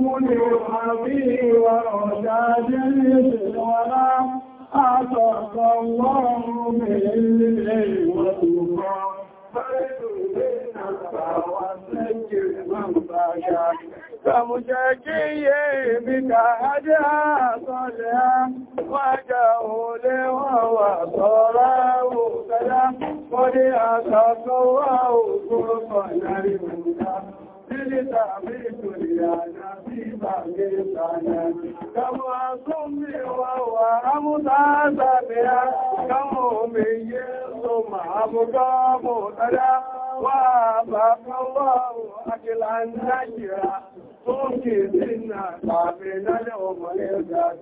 النمل والحبيب والرشاد اليسر ولا أعطاك الله بالعلم والتقى فمشاكي بك هدى صلى وجهه لهو صلاه كلا قد أساس الله سلطان المتقى Nílítà méjò ìyànà sí ìbàgbé ìbànà. wa wà rámútàásàbíà, kàmù omi yé ló máa mú kọ́mù tàdá, توفي منا طافنا لهم ويرجع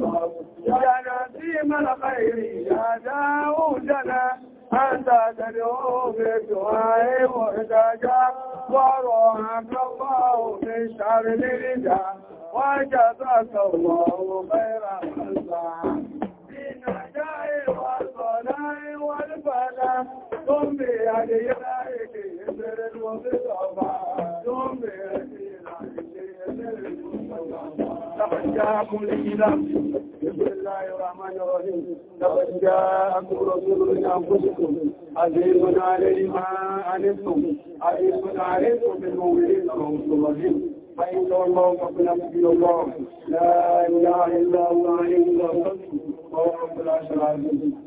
يا نسيم الخير يا داودنا أنت تدعو بالدعاء محتاجا وروحك الله من شر الرجا وجزاك الله خير الجزاء بالنجاء والصلاة والفلاح ثم بهدي الأيدي إبر المصطفى ثم بهدي لقد جاءكم الإسلام بسم الله الرحمن الرحيم لقد جاءكم رسول من أنفسكم عزيز علي ما عنتم عزيز عليكم بالمؤمنين رؤوف رحيم فإن الله فقل أمسي الله لا إله إلا هو عليه التوكل وهو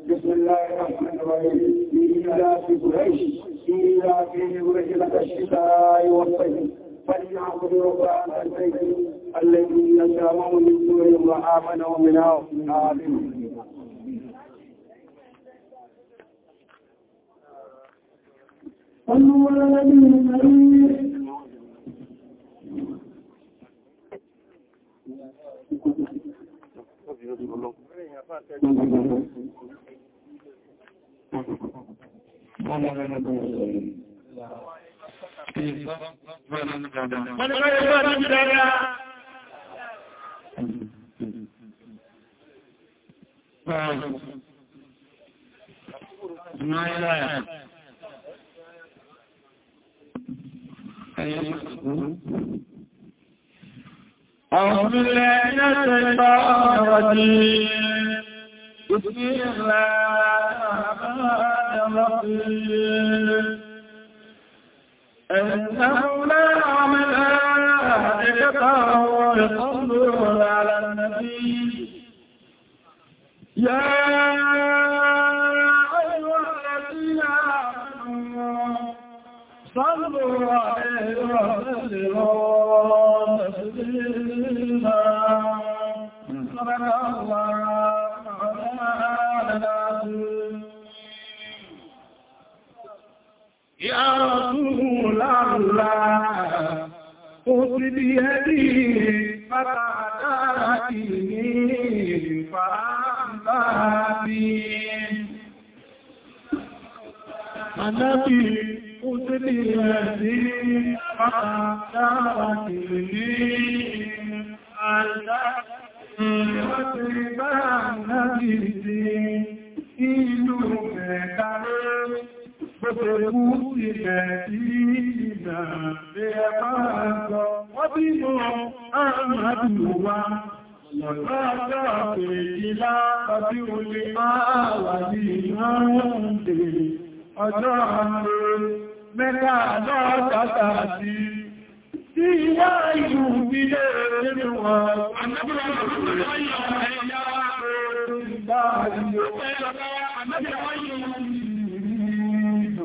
بسم الله الرحمن الرحيم إيلاف قريش إيلافهم رحلة الشتاء والصيف فليعبدوا رب البيت الذي يشربه من سوء وآمنه من عوف آمين صلوا على النبي الكريم Thank you. أعوذ بالله من الشيطان الرجيم بسم الله الرحمن الرحيم إنه لا ملائكته يصلون على النبي يا أيها الذين آمنوا صلوا عليه وسلموا تسليما صدق الله وعلى آله يا رسول الله خذ بيدي فتعداتي فأعبابي النبي خذ بيدي فتعداتي فأعبابي وتبع نبيتي إلو Gbogbo ewu ilẹ̀ tí ìnà lè máa sọ, wọ́n bí mọ́ àmàdù wa, lọ́gbà àgbàpè ìlà tàbí olè máa wà ní ìrànlẹ̀ ọjọ́ àmàrẹ mẹ́ta lọ́tàtà sí tí ìwá ìlú ìbílẹ̀ nínú wọn. Àjọ́bùrọ̀ ìlú ìyá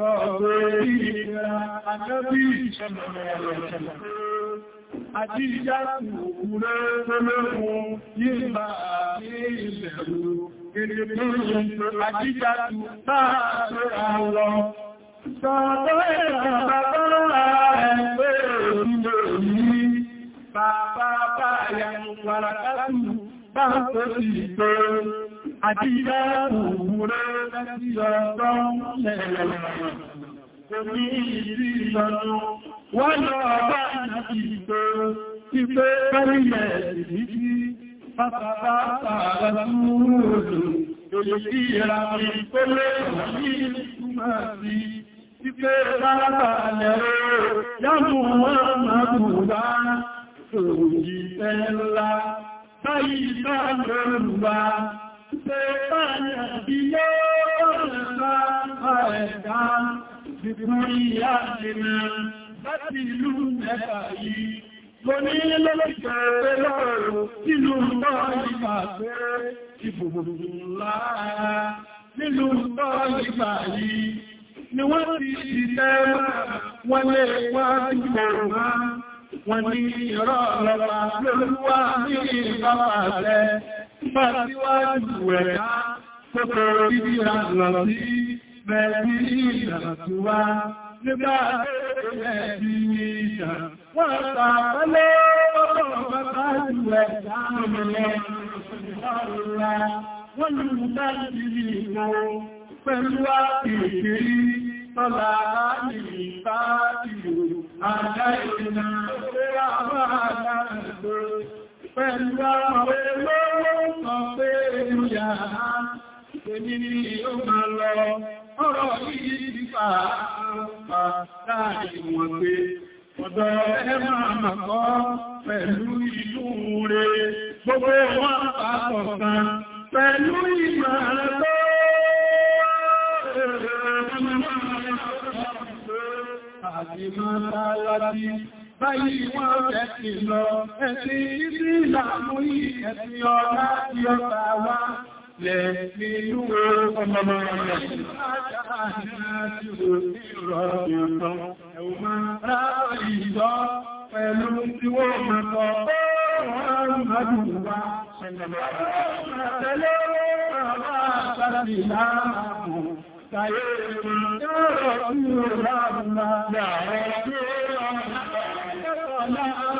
Àti ìjáàkù òkúrẹ́ olóòkun yìí bá àti ìlẹ̀rù, èdè tó yìí àti ìjáàkù táà ló àwọn. Sọ́tọ́ ẹ̀rọ bàbá ẹgbẹ́ òmìnà yìí, bàbá bá yà wàràkátù bá ń tó sì tó àdíyà òwúrẹ́ lẹ́sọ̀tọ́ lẹ́lẹ́lẹ́ Omi ìrí ìlọ́nà wọ́n lọ bá ìrìnàjì ìgbò ti pé pẹ́lẹ̀ ìdíjí pátápátá alásúrò lè sí ìrànlẹ̀ ìpẹ́lẹ̀ ìrìnàjì ìgbùmọ̀ sí ti pé pátápátá lẹ́rọ yàmù wọ́n máa Mo ní lọ́lọ́pẹ̀ lọ́rùn nínú tọ́lìgbà pé ìbòbòbò láàá nínú tọ́lìgbà yìí ni wọ́n ti ìdẹ́ wọ́n lè wá ìgbòrò wọ́n ní ìrọ̀ lọ́pàá lórí wá ní ìbápa rẹ̀. Fàtíwájú ẹ̀ká tó tọrọ bíbí ìrànlọ sí Mẹ́bí ìdàtúwá nígbà ẹ̀bí ìdà. Wọ́n tàbálé ọ̀rọ̀ bàbá jù ẹ̀ká mẹ́lẹ̀ ọ̀rọ̀ wọ́n lù láti rí ìwò pẹ̀lú àkèkèrí tọ́lá ìrìnbá ìlú àjá ìrìnà pẹ̀lú ẹ̀sìn ilé ìlàmú yìí ẹ̀sìn ọ̀nà tí ọ̀tà wá lẹ́ẹ̀sìn inú ọmọmọ ẹ̀sìn Pẹ̀lú tí wọ́n mọ̀ tọ́, wọ́n rárùn-ún àdúgbò wá, ṣẹlẹ̀ ọ̀rọ̀ Láàrín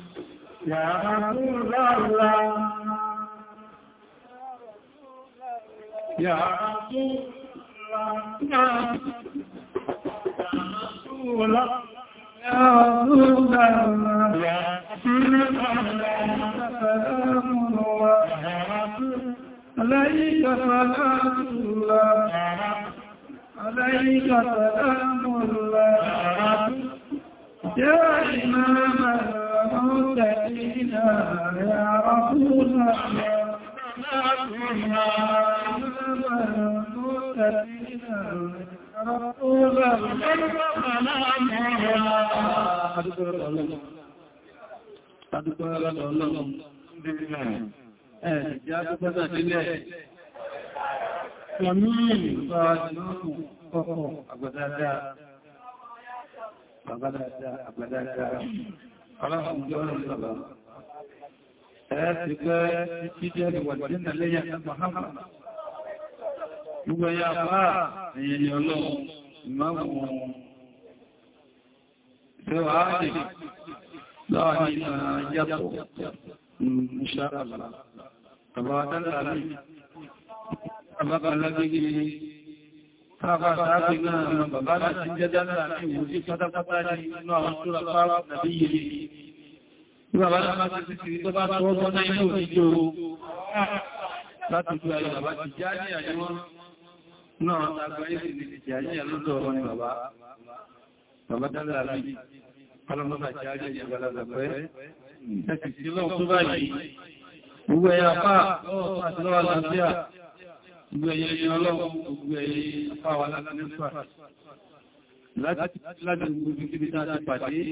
يا رسول الله يا رسول الله يا رسول الله يا رسول الله يا رسول الله سلام الله عليك سلام الله عليك سلام الله يا إمام الله الذين يعرفون رسول الله Kàmílì bá lọ́pù kọ́kọ́ àgbàdáadáa, àgbàdáadáa, àgbàdáadáa aláàmùjọ́ ọ̀rọ̀ sọ̀lá ẹ̀ẹ́sì pẹ́ jíjẹ́ ìwàdínà lẹ́yìn Muhammad gbogbo ẹ̀yà bá ẹ̀yẹ̀ ni ọlọ́run ìmáàmù ẹwà áàdì láàrin yàtọ̀ ìṣàkàlà àbáwádálà àbábálágbégé Sáàbá sáàbí náà bàbá láti jẹ́ dáadáa ní ìwòsí pátápátá ní inú àwọn tó rápárá nàbí yìí. Ní bàbá láti ti ti tó bá tó ọgbọ́n náà inú òjíjò láti gbé ayé bàbá ti jẹ́ àjíyà ní wọ́n náà àgbà ìsìn ti jẹ́ àjíyà lọ́dọ̀ ọmọ ni bàbá. Bàbá dáadáa láti ọlọ́mọ́bà jẹ́ àjíyà gbọ́lá Gbogbo Gbogbo ẹ̀yẹ yẹn ọlọ́run, gbogbo ẹ̀yẹ afáwà lálẹ́fà. Láti gbogbo kíbi tá ti pàdé,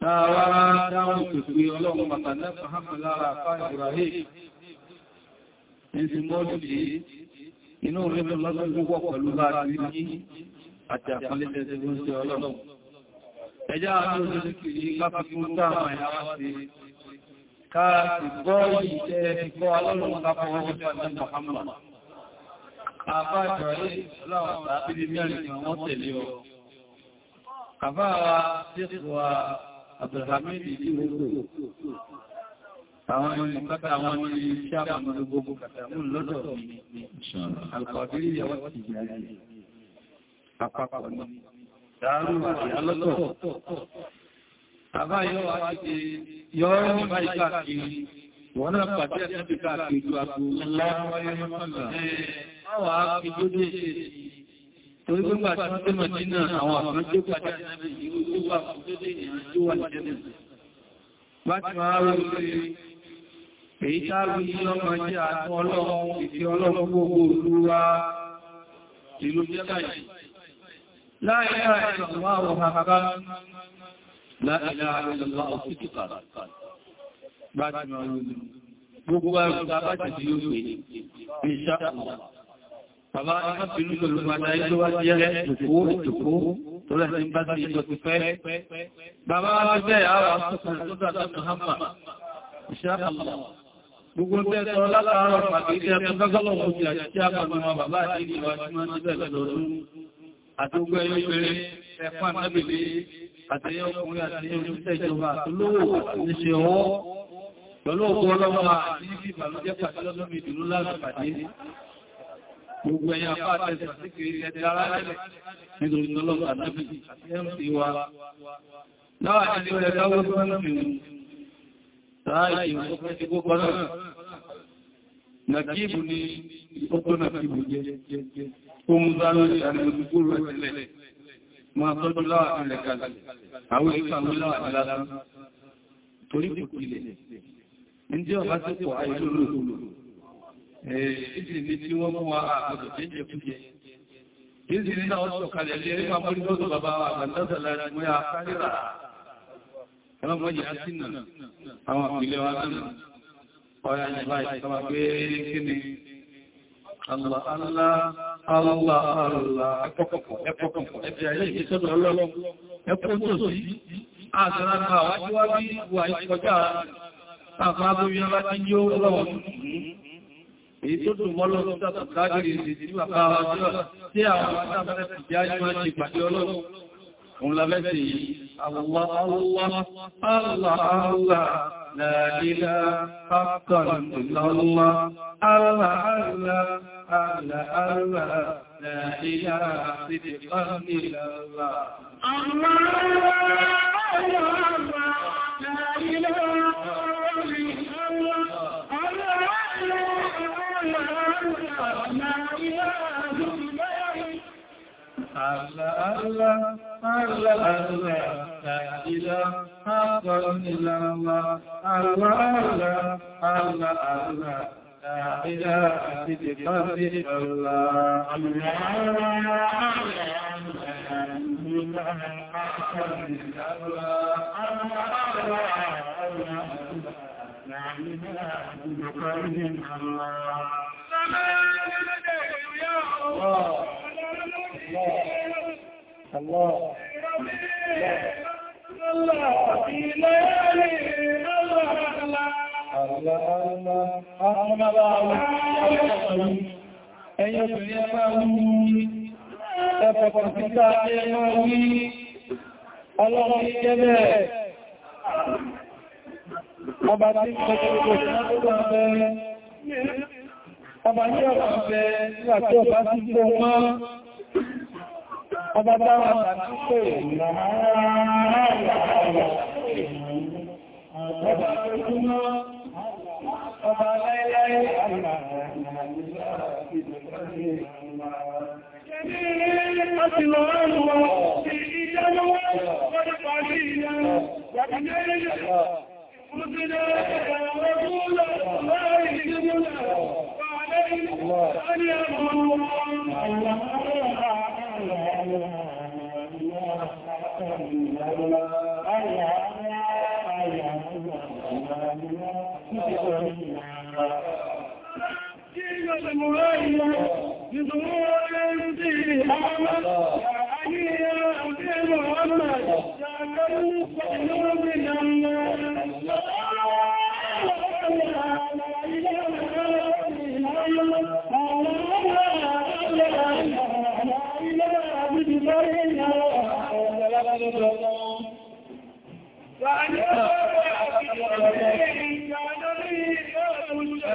táwà dáwọn pèpè ọlọ́run pàtàlẹ́ Muhammad lára afá Ibrahim. Ẹni mọ́lù yìí, inú rẹ̀ lọ́dún púpọ̀ pẹ̀lú bá ti rí àti àpọ̀lẹ́tẹ̀ ẹjá àti òṣèlú kìí káfíkún táàmà ìyáwá sí ká sì gbọ́ yìí tẹ́ fi gbọ́ alọ́lọ́wọ́ kápọ̀ owó jẹ́ ọ̀nà Muhammad. Àbá ìjọ̀rí láwọn tàbí mẹ́rin ni wọ́n tẹ̀lé ọ. Àbá wa tí ó wà Abdulhamid ìdí ogun. Àwọn ìmọ̀kátà wọn ni iṣẹ́ àmàlú gbogbo kàtàmù lọ́dọ̀ Alkọ̀bírí yẹ wọ́n ti jẹ́ àpapọ̀ ni. Dàárù àti alọ́tọ̀. Bàbá yọ́ wá ti yọ́ ní báyìí káàkiri, wọ́n náà pàdé ẹ̀sẹ́bì káàkiri ju àpò láwáyé Èyí táàrí ní ọmọ jẹ́ àtún ọlọ́run ìfẹ́ ọlọ́run gbogbo olúwa ìlú jẹ́ báyìí. Láàrín àìsàn wà wọ̀n àkàkà لا إله إلا الله ستقال بعد ما يقول gbogbo àgbàbàtà tí ó pè ní ṣàkùnwà bàbá ẹgbàbìnú pẹ̀lú padà ẹgbẹ́ wá jẹ́ ìtòkó ìtòkó tó lẹ́sí bá sí ìjọ ti fẹ́ bàbá wá bẹ́ àwọn àtúkùn tó dàdà Muhammad àti àgbàmọ́ bàbá àti lọ́dún àti ogbẹ́ yóò pẹ̀rẹ̀ ẹ̀fà nábìlì àti ọkùnrin àti ojúṣẹ́ ìjọba àtúlówò níṣẹ́ ọwọ́ pẹ̀lú ọgbọ́ ọlọ́wọ́ àti ní fífà ló jẹ́ pàdé lọ́dún ìdúró láàrín pàdé gbogbo ẹ̀yà pàtẹ́sà sí kiri ẹ̀tẹ́ ara rẹ̀ nítorí ọlọ́pàá náàbì àti mc wa náà àti ilẹ̀ káwọ́ tó ń fi ráàyè ọkọ̀ ti gbogbo náà nàkíbù ni ọkọ̀ nàkíbù jẹ́ kó mú sáré àti olùgbòrò máa tọ́jú láwà ilẹ̀ kalẹ̀ àwọn ìsànú láwà lásán torí kò ilẹ̀ ní ọba tí pọ̀ àìlúlòkòlò ìdílé tí wọ́n mú wa àpọ̀tọ̀ tí jẹ fújẹ ìdílé náà ó sọ kalẹ̀ lé rípa mọ́rí lọ́dọ̀ bàbá àgbàntọ́sà lára mú ya kárírà ọlọ́mọ́jì àtínà àwọn àpìlẹ̀ wa náà Allah Allah Allah Allah ẹ̀pọ̀kọ̀kọ̀ ẹ̀pọ̀kọ̀kọ̀ ẹ̀pẹ̀ ayé ìṣẹ́lẹ̀ ọlọ́lọ́ ẹ̀pọ̀ tó sí àṣìrákà wájúwájú wà ìkọjá tàbá bóyá bá ti yóò lọ́wọ́ èyí tó dùn mọ́lọ́ tàbí tí bàbá wa tí àwọn tàbí ìjá ìmọ̀ ti pàdé ọlọ́run òun labẹ́sẹ̀ yìí àwọn Allah Allah Allah la ilaha illallah Allah Allah حول أربعة لا إله صدقا إلا الله الله الله لا إله إلا الله الله الله لا إله إلا الله الله الله الله لا إله حقا إلا الله الله الله الله الله إلى أسد قبل الله الله الله الله الله Ẹ̀yìn obìnrin ẹ máa wú ẹ̀fẹ̀ kọ̀mpútà ẹ máa wí ọlọ́run jẹ́bẹ̀ ọba tí kọjọ́gbogbo ìrìnàjò ọ̀fẹ́ ọba ní ọ̀pọ̀ ọ̀fẹ́ nígbàtí ọba sí gbọ́ mọ́ ọba dáwọn àtàkùn pẹ̀lú ọba láíláí àmà Láti lọ rẹ̀rù wọn, ìjẹ́ lọ́wọ́, wọ́n ní pàdé ìyá, wàbí ní ẹ̀yẹ́, ìfúnṣẹ́lẹ̀ ẹ̀rọ gúúlọ, láàrin ìdíjúlọ, wà lẹ́yìn, láàrin ẹ̀rọ wọn, àwọn àwọn Thank you. جئنا المريا بظهور امتحانا يا علي يا ابي محمد يا من قلوب الناس فأنا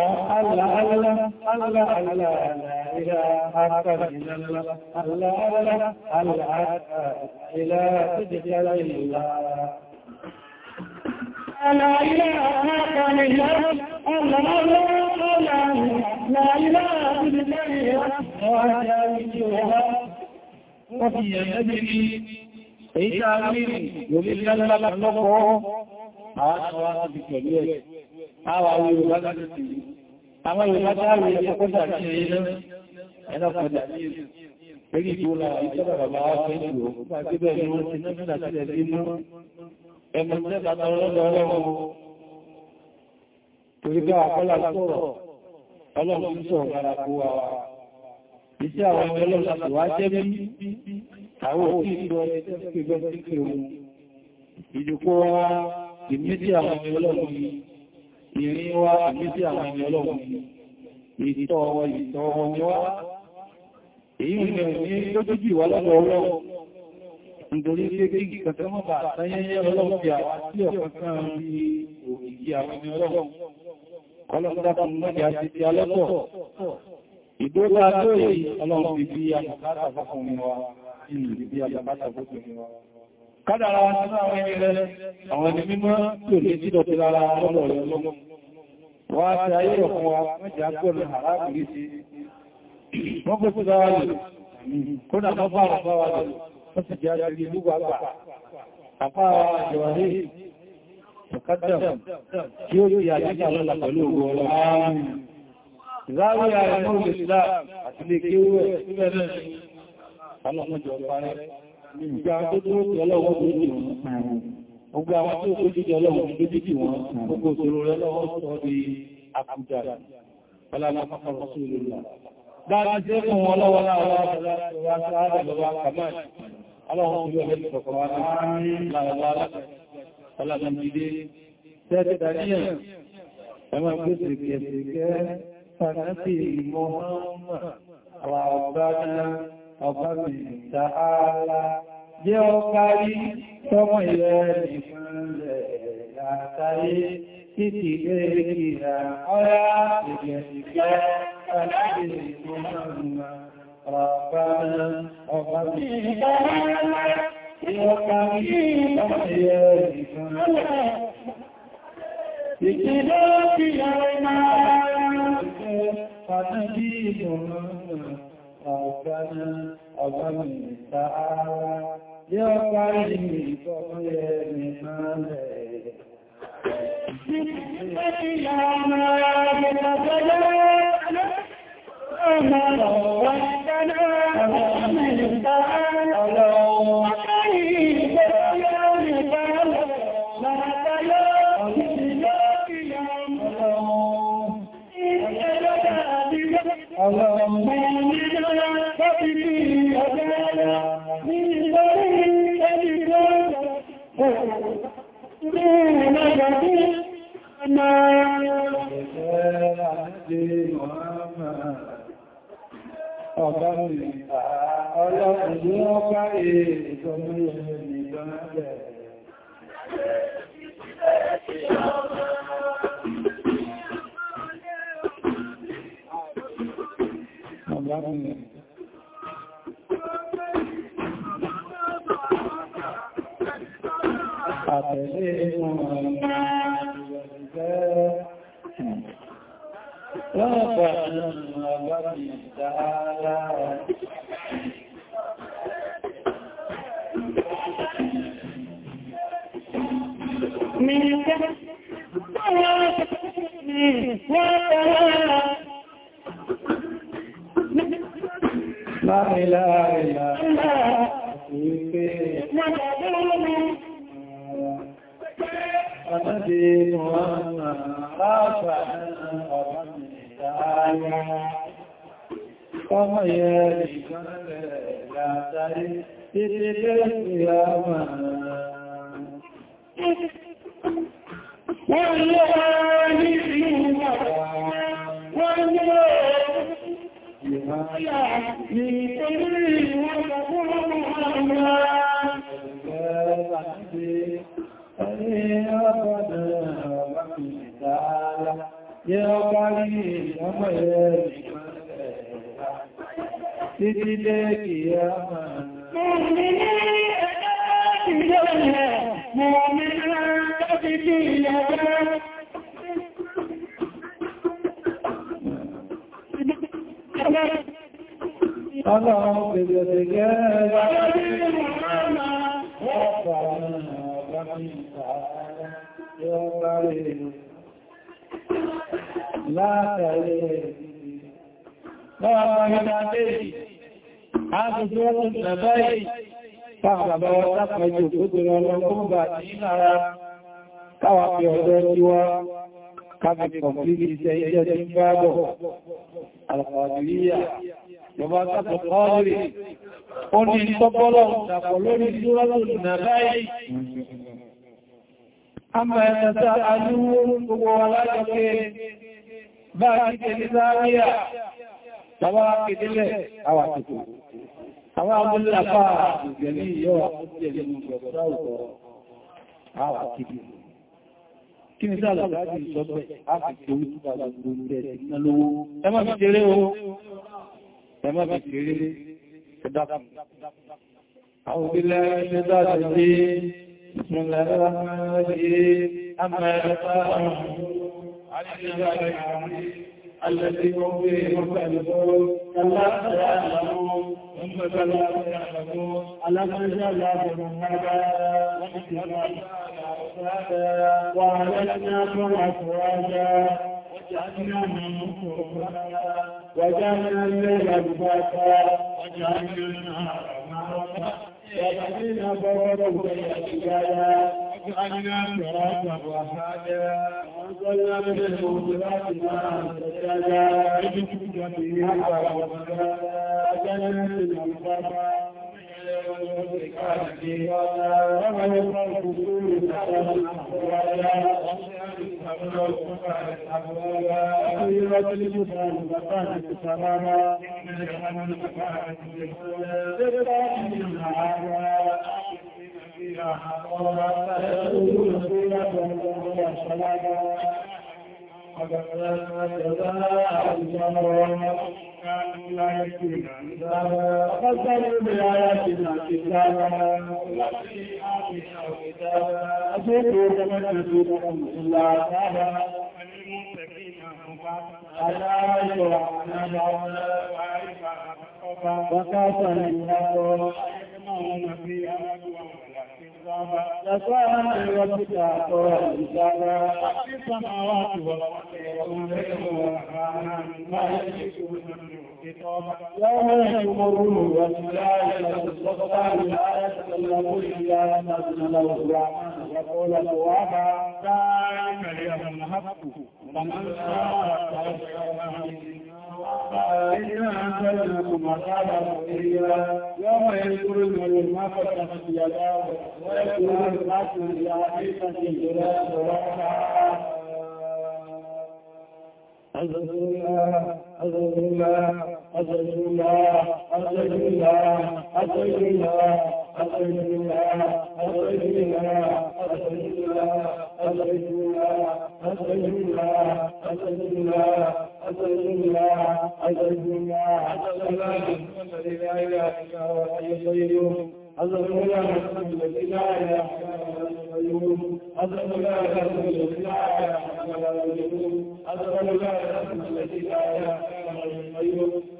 الله الله الله الله لا إله إلا الله الله الله الله إلى سجل الله لا إله إلا الله الله الله الله لا إله إلا الله وحده يجوها وفي يده إيجابي يبلغ لك الله هذا واحد كبير àwọn Yorùbá láti sí àwọn Yorùbá dáàrí ẹ̀kọ́kọ́sà sí ilẹ̀ ẹ̀lọ́pọ̀dà pẹ̀lú ìgbóra ni wọ́n ti náà sílẹ̀ sí mú ẹmọ ìjọba ọlọ́dọ̀ ọlọ́run torí bá àkọ́lá sọ̀rọ̀ ọlọ́run sọ̀rọ̀ gara kó wa iṣẹ́ àwọn ọmọ ọlọ́run láti wá jẹ́ bí àwọn òkú ìlú ọjọ́ ìgbẹ́ sí ìrìn wa àgbésí àwọn ẹni ọlọ́run ìtọ́ ọwọ́ ìtọ́ wá èyí ni ọlọ́run nítorí pé kí kẹta ọlọ́run fi àwọn tí ọ̀kankan rí òkìkí àwọn ẹni ọlọ́run kọlọ́dákùn mọ́jà ti ti alọ́pọ̀ ìgbóta tó kádàrà wọn nínú àwọn ẹni rẹ̀ àwọn ẹni mímọ́ tí ò lè sí dọ̀tí lára lọ́lọ́ rẹ̀ lọ́gbọ́n wọ́n á ti ayé ọ̀fún wa mẹ́jà gbọ́nà àrábìrí sí wọ́n kó fún sáwà lè kódà mọ́ fáwọn fáwà lè wọ́n sì jẹ́ ó yóò yàjẹ́ ìjàlọ́lá pẹ̀lú ogun ọlọ́run ìgbà tó tó ti ọlọ́wọ́ tó jì wọ́n ọgbà àwọn tó tó jì ọlọ́wọ́ tó jì wọ́n gbogbo òṣòro rẹ lọ́wọ́ sọ di àkùjà ọlọ́pàá rasulullah dára jẹ́ fún wọn lọ́wọ́ láwọ́ Ẹmọ́ ìgbésẹ̀ kẹsẹ̀ kẹ́ Fàtàkì Mọ́hánmà, Ràbáná, ọba mi jẹ́ ọkárí tọmọ ilẹ̀ ìpínlẹ̀ látàrí títí gẹ́gẹ́gẹ́gẹ́ ọ̀yá ìgbẹ̀sìgbẹ́ ọ̀láàdì ìgbẹ̀mọ̀lùmọ̀ ọ̀pàá ọba ربنا ظلمنا يا قلبي فغير مالك إلا ما يتبدل أما ربنا ظلمنا Ọ̀gá mi, ọlọ́pùn ní wọ́n káyé ìtọ́mú ẹni ìjọba bẹ̀rẹ̀. Ọ̀gá mi, خاف أن ربي تعالى منك لا إله إلا الله أنا دين وأنا خاف أن ربي تعالى فهيا لا تعرف القيامة Thank you. Títí lé kìíyà máa. Mọ̀mí ní ẹgbẹ́ ìjọ́lẹ̀, látàrí lọ́wọ́ pàmítà tẹ́jì a ti tí wọ́n tún tẹ̀bẹ́ yìí káàkàbà wọ́n sápẹjù tó tẹ̀rẹ ọlọ́gbọ́gbà tí lára káwà fi ọ̀dọ́ tí wọ́n káàkiri kọ̀m̀lìtì iṣẹ́ iṣẹ́ tí ń bá bọ̀ alàkọ̀ọ̀dìríyà Bàbá sápọ̀ kọ́ọ̀rì, ó ní ìtọ́pọ́lọ̀ ìtàpọ̀ lórí ìdúrọ́lọ́dún nàbáyìí. Àmà ẹ̀sẹ̀ àdúgbò gbogbo alájọ́ pé bára kèdè záríà tàbá kèdèlẹ̀ àwà tìkò àwọn amúlàpá ìgbẹ̀lẹ̀ yọ́ àwà kèdè kí ni sáà lọ́gbàájì ìṣọ́gbẹ̀ áfìkè orítúbà gbogbo rẹ̀ ti ná lówó ẹmọ́ fi kéré o ẹmọ́ fi kéré ẹ̀dàkùn àwọn òbílẹ̀ ẹ̀ṣẹ́dà tẹ̀lé بسم الله الرحمن الرحيم أما يتفاعل الذي هم به مختلفون كلا سيعلمون ثم كلا سيعلمون ألم نجعل لهم هذا وأعلناكم أفواجا وجعلنا منكم وجعلنا الليل بساطا وجعلنا النهار معرفة وبنينا فوقهم سجدا وجعلنا سراجا وهاجا وانزلنا من الموجبات ماء سجاجا لتسكن فيها وابدا جنات الانفاقا ومن يقرأ الكسور فقد أحوالا أخيرة الجسال فقالت سراما إن الحمد فقالت بسولا تبقى من العالى فاستغفروا بآياتنا كتابا أسيروا كما تسيركم إلا عذابا ألا يرعنا دعونا وكافا لله وعلمهم في أمد وعلمهم لسان ربك ورسالة في السماوات والأرض والرحمن مالك يوم يمرون والملائكة الصفا لا يتكلمون إلا ما أذن له الرحمن يقول ثوابا ذلك اليوم الحق فمن شاء فليؤمن أنزلناكم عذابا قليلا يوم يذكر المرء ما قدمت يداه ويذكر الناس يا عيسى في الجلال والرحمة أزل الله أزل الله أزل الله أزل الله أزل الله أزل الله أزل الله أزل الله أزل الله أزل الله أزل الله أشهد أن لا أشهد أن لا أشهد أن لا محمد لا إله إلا هو الحي القيوم أشهد أن لا محمد لا إله إلا هو الحي القيوم أشهد أن لا محمد لا إله إلا هو الحي القيوم أشهد أن لا محمد لا إله إلا هو الحي القيوم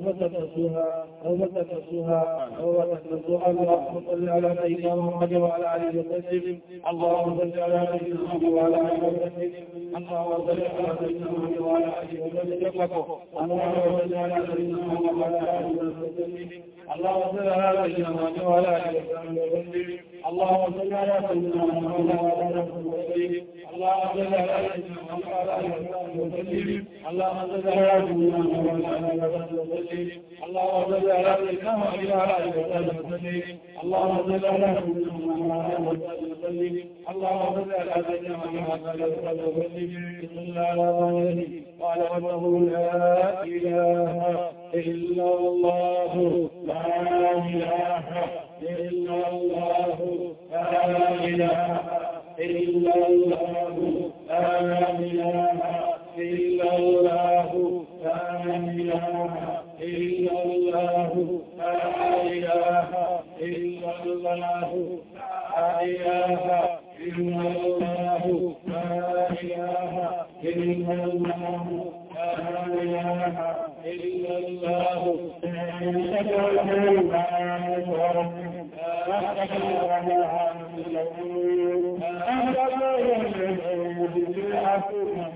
متى ترسوها أو متى ترسوها أو متى ترسوها اللهم صل على سيدنا محمد وعلى آله وسلم اللهم صل على سيدنا محمد وعلى آله وسلم اللهم صل على سيدنا محمد وعلى آله وسلم اللهم صل على سيدنا محمد وعلى آله وسلم اللهم صل على سيدنا محمد وعلى آله وسلم اللهم صل على سيدنا محمد وعلى آله وسلم اللهم صل على سيدنا محمد وعلى آله وسلم اللهم صل على سيدنا محمد وعلى آله وسلم وسلم اللهم صل على سيدنا وعلى آله وصحبه وسلم اللهم صل على سيدنا وعلى آله وصحبه وسلم اللهم صل على سيدنا وعلى آله وصحبه وسلم بسم الله الرحمن الرحيم قال ربه لا إله إلا الله لا إله إلا الله لا إله إلا الله لا إله إلا الله لا إله إلا الله لا إله إلا الله لا إله إلا الله لا إله إلا الله لا إله إلا الله أشهد أن لا إله إلا الله أشهد أن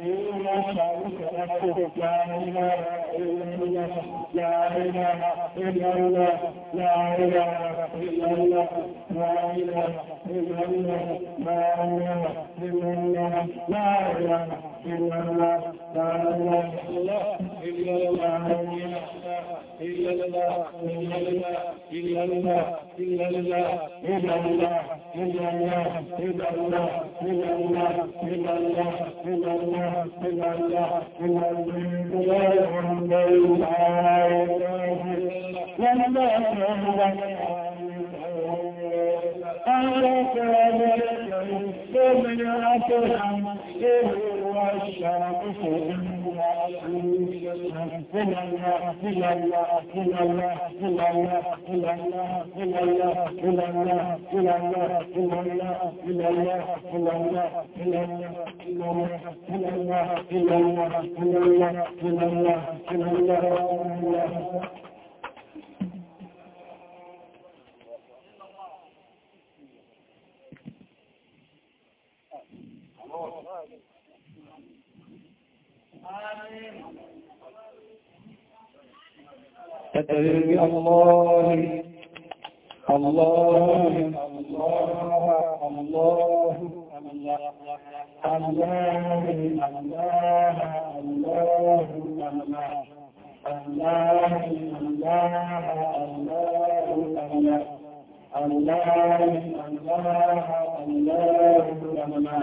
إلا الله إلا الله إلا الله إلا الله إلا الله إلا الله إلا الله إلا الله إلا الله إلا الله إلا الله إلا الله إلا الله إلا الله أولك ولكن سمعت الحمد والشرف Thank you. تتلوي الله الله الله الله الله الله الله الله الله الله الله الله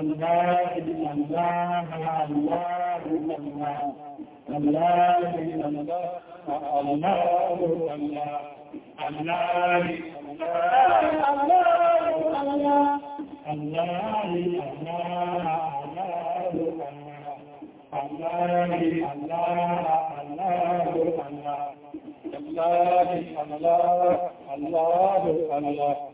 الله إلا الله الله الله الله إلا الله الله الله الله الله الله الله الله الله الله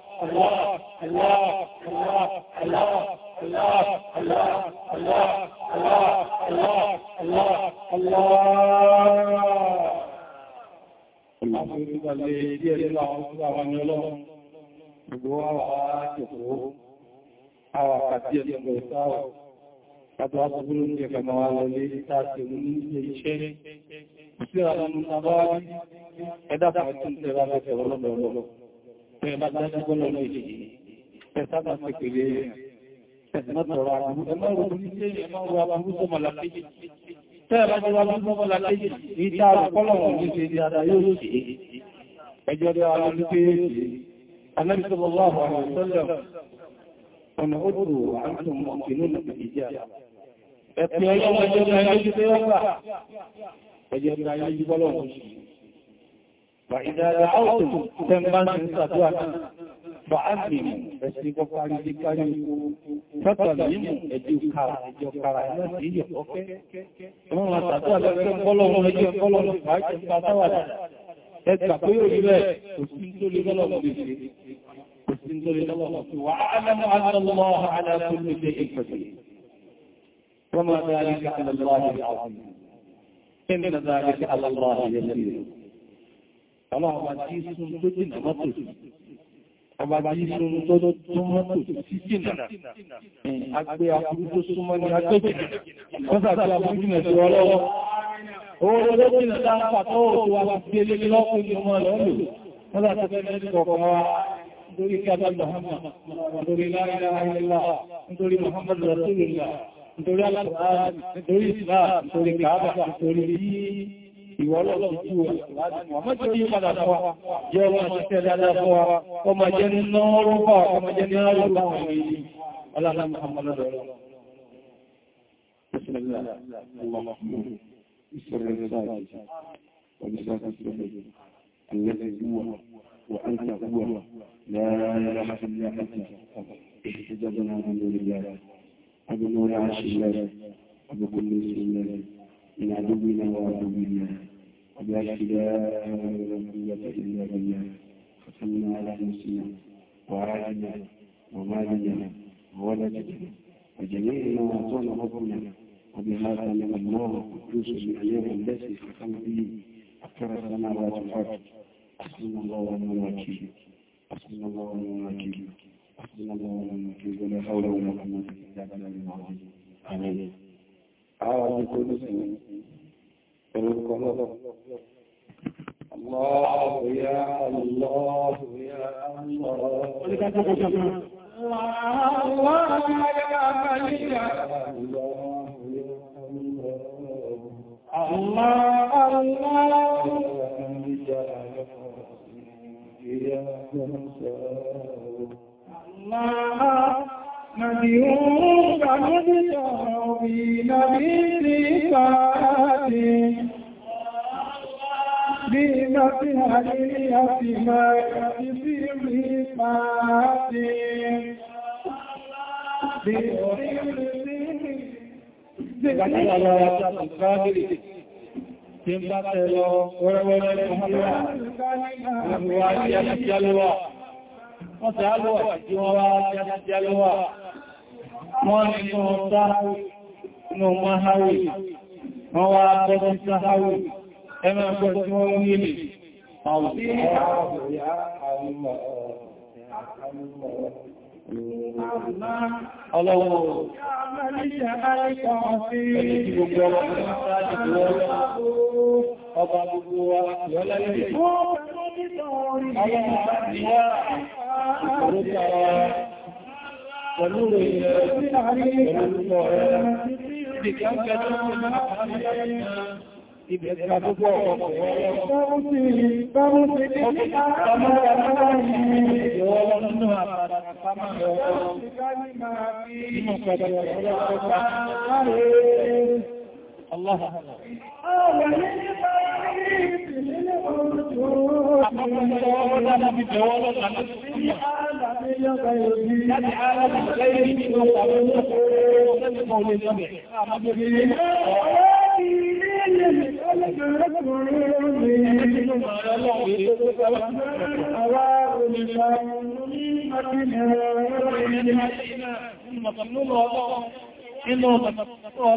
الله الله الله الله الله الله الله الله الله الله الله Gbogbo àwọn akẹ́kọ̀ọ́, àwọn àkàtí ẹ̀sùn ìsáwọ̀, àti wá tó búrú ní ẹ̀kẹ́ máa lọ lé ìtàṣẹ̀ ní iṣẹ́ iṣẹ́. Sí àwọn ọmọ bá wá ní ẹ̀dá fàájú tẹ́ra mẹ́fẹ́ ọlọ́dọ̀ọ́lọ́ pẹ̀ bá dájú bọ́lọ̀ lóòjì pẹ̀ sábà sí pèlè ẹ̀sìnmọ́tọ̀rọ̀ àbúrú ẹmọ́rùn ún ní ẹmọ́rùn àbúrú sọmọ làkéjì tẹ́ẹ̀ bá jẹ́ wà ní sọmọ làkéjì ní táàrù kọ́lọ̀wọ̀n ní ṣe dáadáa yóò ṣe ẹjọ́ rẹ̀ àwọn olùgbé النبي صلى الله عليه وسلم أنا أدعو أنتم مؤمنون بالإجابة أتيا يوم أجل أن يجب يوم أجل فإذا دعوتم تنبان سنساتوا فأذنوا فسيقوا قاري كاريكو فتنموا ẹjọ́ kára ẹjọ́ kára ẹ̀nà sí ìyọ̀ ọ̀kẹ́ ọmọ àtàtà lọ́pẹ́ kọ́lọ́run ẹjọ́ kọ́lọ́run pàájẹ́ pátáwàdà ẹgbà pé ó rí rẹ̀ kò sí tó lè lọ́lọ́pọ̀ kò sí tó lè lọ́lọ́pọ̀ wà á lẹ́mọ́ àtàlọ́mọ́ àdàkùnrin ṣe ìpẹ̀lẹ̀ وما ذلك على الله العظيم إن ذلك على الله يسير ọlọ́ọ̀bá tí sún tó jìnà tó sí jìnà agbé akúrú tó súnmọ́ ní agbẹ́jìnà kọ́sàtí abúrújìnà sí ọlọ́wọ́ owó tó jìnà dáńpà tó òtò wa fi elé lọ́kùnrin mọ́ lọ́lù kọ́sàtí fẹ́ Nítorí Kájá Muhammad, nítorí Láàrín Àìlá, ìwọ ọlọ́run tí wọ́n mọ́ tí yí padà fún wa jẹ́ ọmọ àṣẹ dáadáa fún wa ọmọ jẹ́ náà rọ́bà ọmọ jẹ́ náà rọ́bà àwọn èyí ọlọ́run Muhammadu rọ́rọ̀ بسم الله اللهم اغفر بسر الرسالة وبسر الرسالة الذي هو وأنت هو لا إله إلا أنت احتجبنا بنور الله وبنور عرش الله وبكل بسم الله من عدونا وعدونا ولا شفاء ولا قوة إلا بالله ختمنا على نفسنا وعالمنا ومالنا وولدنا وجميع ما أعطانا ربنا وبهذا من الله القدوس العليم الذي ختم به أكثر السماوات والأرض أحسن الله ونعم الوكيل أحسن الله ونعم الوكيل أحسن الله ونعم الوكيل ولا حول ولا قوة إلا بالله العظيم آمين أعوذ بالله orúkọ lọ́wọ́. Allahu ya Allah ya Allah. Allahu ya Allah Allah Allah Allah مديون مديون بنبي ساعة بنبي هدية ما يكتسب ساعة Tí ń bá tẹ́lọ wẹ́rẹ́wẹ́rẹ́ ọmọ ìwà àti ẹ̀lẹ́jẹ́lẹ́wà wọ́n tẹ́ alọ́wà tí wọ́n wá jẹ́ alọ́wà wọ́n nínú sáháwì nínú máháwì wọ́n wá tọ́sí sáháwì ẹmẹ́ ọgbọ́ tí wọ́n ń yìí Ọlọ́wọ́ ẹni tí gbogbo ọmọ ọmọ sáájú ọba gbogbo wa yọ́lẹ́lẹ́ orúkọ pẹ̀lú rẹ̀ pẹ̀lú pọ̀ rẹ̀ Ibẹ̀ ti àdúgbò ọ̀pọ̀ ọ̀rọ̀. Ọmọ ọlọ́nà àpàdà pàmà ọ̀rọ̀. Ìmọ̀ pẹ̀lú ọ̀rọ̀ ọ̀pọ̀ الله Ọlọ́run nínú ọlọ́run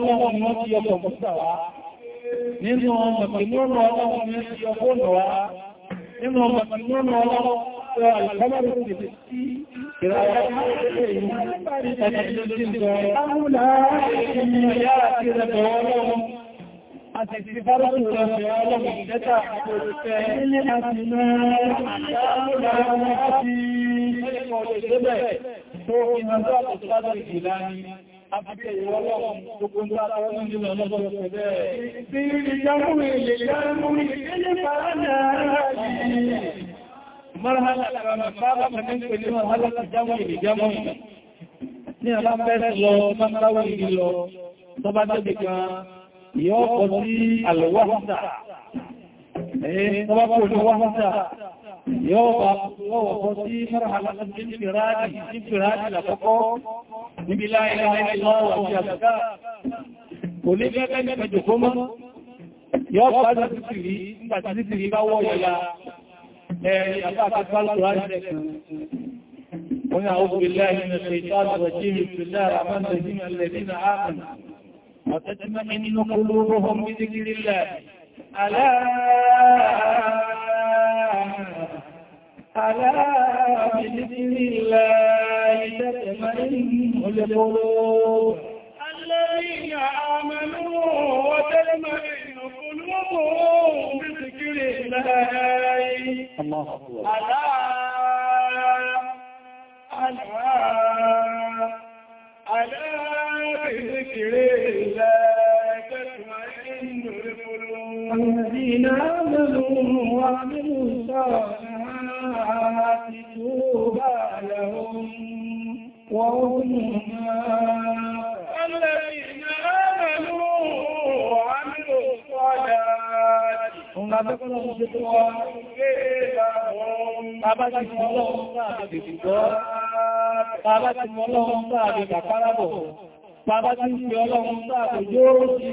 ni wọ́n ti yọ kọ̀mọ̀tà wá nínú mọ̀kìmọ́nà ọlọ́run ni wọ́n ti yọ fóònù wá nínú mọ̀kìmọ́nà ọlọ́run tó àlùkọ́mọ̀rù ti sí ìràwọ̀ Àti ti fárọ́ tó rẹ̀ ọ̀rọ̀ ọlọ́run ìjẹta àpòrùfẹ́ ilé àti náà àti ọlọ́run Àbíkẹ̀ ìwọ́lọ́run tó kún tó àtàwọn ìlú ọlọ́gbọ̀n ọ̀sẹ̀ bẹ́ẹ̀. Bí ìjọmú ilẹ̀ ìjọmú ilẹ̀ fara náà yìí. Mọ́rànlá kan fara mẹ́rin pẹ̀lú ọ̀hálà ìjọmú ilẹ̀ ìjọmú. Ní àbábẹ́ lọ, mọ́rànlá ìlú lọ, tọ́bá jẹ́ kan, ìyọ́ ọkọ̀ sí àlọ́wọ́ yóò bá wọ́pọ̀ sí mọ́rànlá ìfìrádì ìfìrádì lákọ́kọ́ níbi láìlá ìlọ́wọ̀ àti àṣàká kò lè gẹ́gẹ́ mẹ́jọ kó mọ́ yóò bá láti sì rí nígbàtí sì rí bá wọ́ yọ̀lá ẹ̀rẹ̀ àbá àkàtà ألا ألا بإذن الله تطمئن القلوب الذين آمنوا وتطمئن قلوبهم بذكر الله الله أكبر ألا ألا ألا بذكر الله تطمئن القلوب الذين آمنوا وعملوا الصالحات توبى لهم وهم الذين آمنوا وعملوا الصالحات Ọ̀nà àtọ́kọ́lọ́ ṣe tó wá ń gbé ìlàwọ̀n. Bàbá ti mọ́ lọ́wọ́ ń sáà bèbè gbọ́. Bàbá ti mọ́ ń sáà bèbè Bàbá ti ń fi yóò sí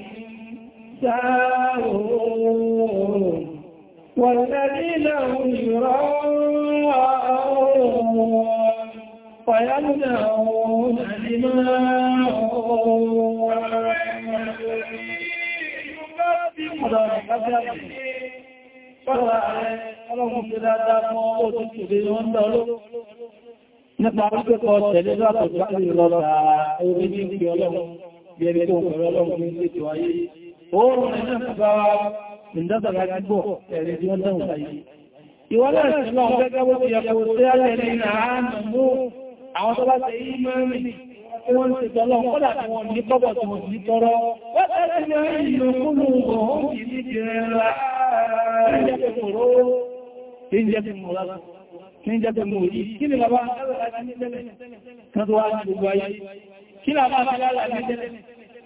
يشاءون والذين هم يراءون ويمنعون لماء nípa pípẹ́kọ́ tẹ̀lé látọ̀ tó bá lè orí ní ìgbẹ̀ ọlọ́run bí ẹgbẹ́ tó ń pẹ̀lú ọlọ́run ní ìgbẹ̀ tó ayé oòrùn ẹ̀jọ́ ìgbàwà ìdọ́dọ̀lá gbígbọ́ ẹ̀rẹ̀ tí wọ́n dáhùn láyé ìwọ́lẹ̀ ìṣúná ọ̀gẹ́gẹ́gbọ́ ti ẹkọ̀ tí a lẹ́lẹ́ ìrìnà àánà mú àwọn tó bá tẹ̀ yí mẹ́rin tí wọ́n ti tọ́lọ́ kọ́dà tí wọ́n ní kọ́bọ̀ tí wọ́n ní tọ́rọ wọ́n tẹ́lẹ̀ ìrìnà ìlú kúrò ọ̀hún kìí ní ìrìnà ní jẹ́ mú yìí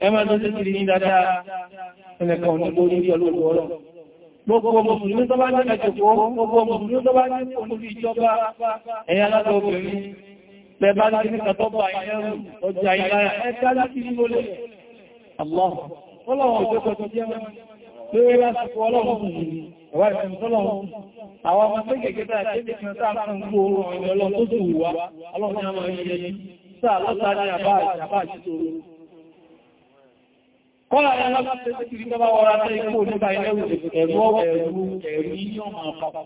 ẹmà tó ṣe kiri ní dáadáa ẹnẹ̀kan ní lórí ní ọlọ́pọ̀ ọ̀rọ̀ gbogbo mùsùlùmí tó bá ní ẹjọ̀pọ̀ gbogbo mùsùlùmí tó bá ní olúfi ìjọba ẹ̀yà alábọ̀bìnrin lẹ́bá ní ní kàtọ́bà ẹ̀rù ọjà ìlara ẹ̀ká láti ní lólẹ̀ Àwọn ọmọ tó gẹ̀gẹ́ bá àti ẹgbẹ̀kan sáà fún gbogbo ọ̀rọ̀ ọlọ́run tó sì wà, ọlọ́run ni a máa yẹ yẹ yìí, sáà Kọ́lá ya lọ́gbà tẹ́ sí ti rí bọ́bá wọ́ra tẹ́ ikú nípa ẹ̀rù ẹ̀rù ẹ̀rù ẹ̀rù yíyàn máa pàpàá.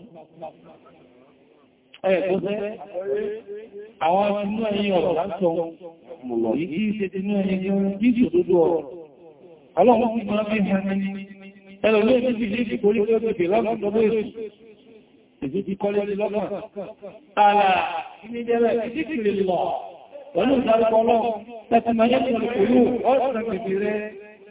Ẹ̀kọ́ sẹ́, àwọn inú ẹ̀yìn ọ̀rọ̀ láti ọ̀rọ̀, ìdí ìṣẹ́ ti inú ẹ̀yìn jíjì òdòdó ọ̀rọ̀. Ọlọ́run ti máa bí ẹni ẹlòmí ẹni ti jíjì kò ní pé lọ́gbọ̀dọ́gbọ̀ èsì. Èsì ti kọ́lé lọ́gbọ̀n. Ààlà, ní jẹ́rẹ̀ ìdíkìrì lọ, pẹ̀lú ìdárúkọ ọlọ́run, tẹ́tùmọ̀ yẹ́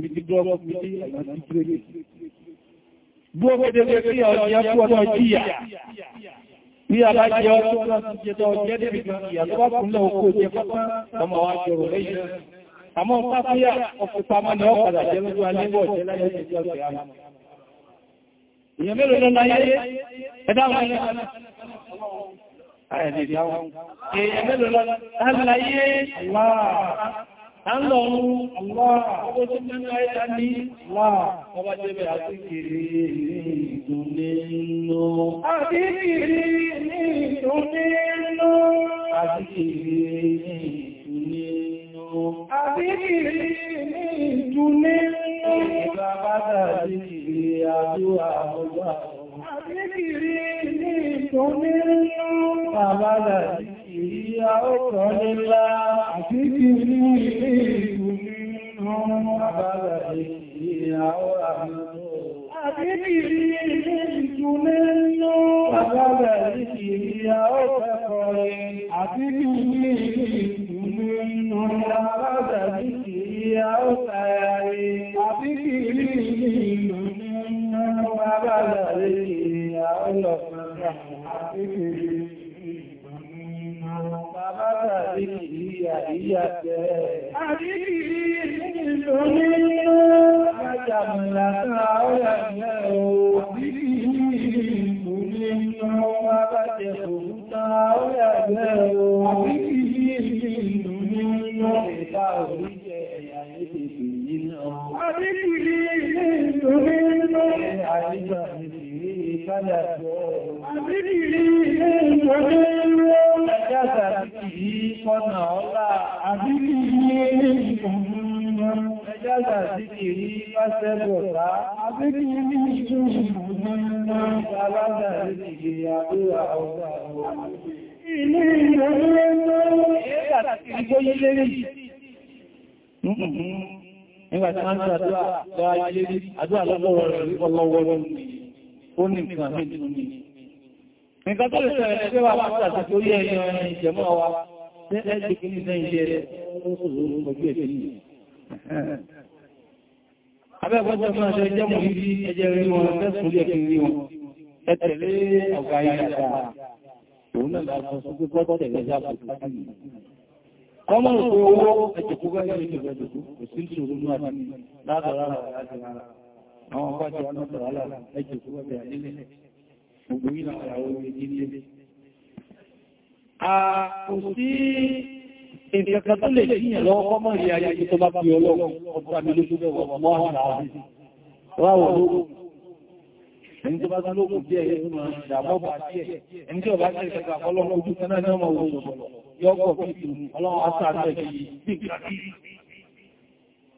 ibi ti grow up ní àti kírèkì bú ó gbẹ́dẹ́gbẹ́ sí ọjọ́ fún ọjọ́ jíyà bí a bá jẹ́ ọjọ́ tó jẹ́ tó jẹ́ débi kan ìyà tó bá kúnlẹ̀ okó jẹ pátá ọmọ wa jọrọ̀ lẹ́yìn àmọ́ pápáyà ọ̀pọ̀pamọ́ ni ọ̀padà jẹ́ lójú alẹ́gbọ̀ jẹ́ láyé ìjọ́ ìjọ́ ìyẹn mélòó lọ́nà ayé ẹ̀dá àwọn ẹ̀yẹn mélòó lọ́nà ayé Àlọ́run Allah ọgbọ́ tí ó ń láyé ní láà ọba jẹ́bẹ̀ àti kìrì ìdúnlé nínú. Àti kìrì ìdúnlé nínú. Àti kìrì ìdúnlé nínú. Àti kìrì ìdúnlé nínú. Ìgbà bá dàbí kìrì àdúrà ọgbà. Àti kìrì ìdúnlé nínú. Bàbá dàbí kìrì àókọ̀ nílá. nìkan tó fún ọjọ́ ìjẹ́mù yìí ẹjẹ́ rí wọn, ẹgbẹ́ sùn rí wọn. Ẹ tẹ̀lé ọ̀gá yìí Òun náà lásán sọ pé gbọ́dọ̀ tẹ̀lé jáfẹ́ kọmọ̀ òkú owó ẹ̀jẹ̀kú àwọn ọba ti wá mọ́ta wà láàrín ẹjọ́ tó wọ́n bẹ̀rẹ̀ nílẹ̀ gbogbo ìlà àwọn ìdílé kò sí ìfẹ́kà tó lè yíyàn lọ́wọ́ ọmọ ìrì ayé tó bá bí ọlọ́run ọgbà mi lójú bẹ̀rẹ̀ bá tán lókùn ẹni tí ọba tẹ́ ìfẹ́kà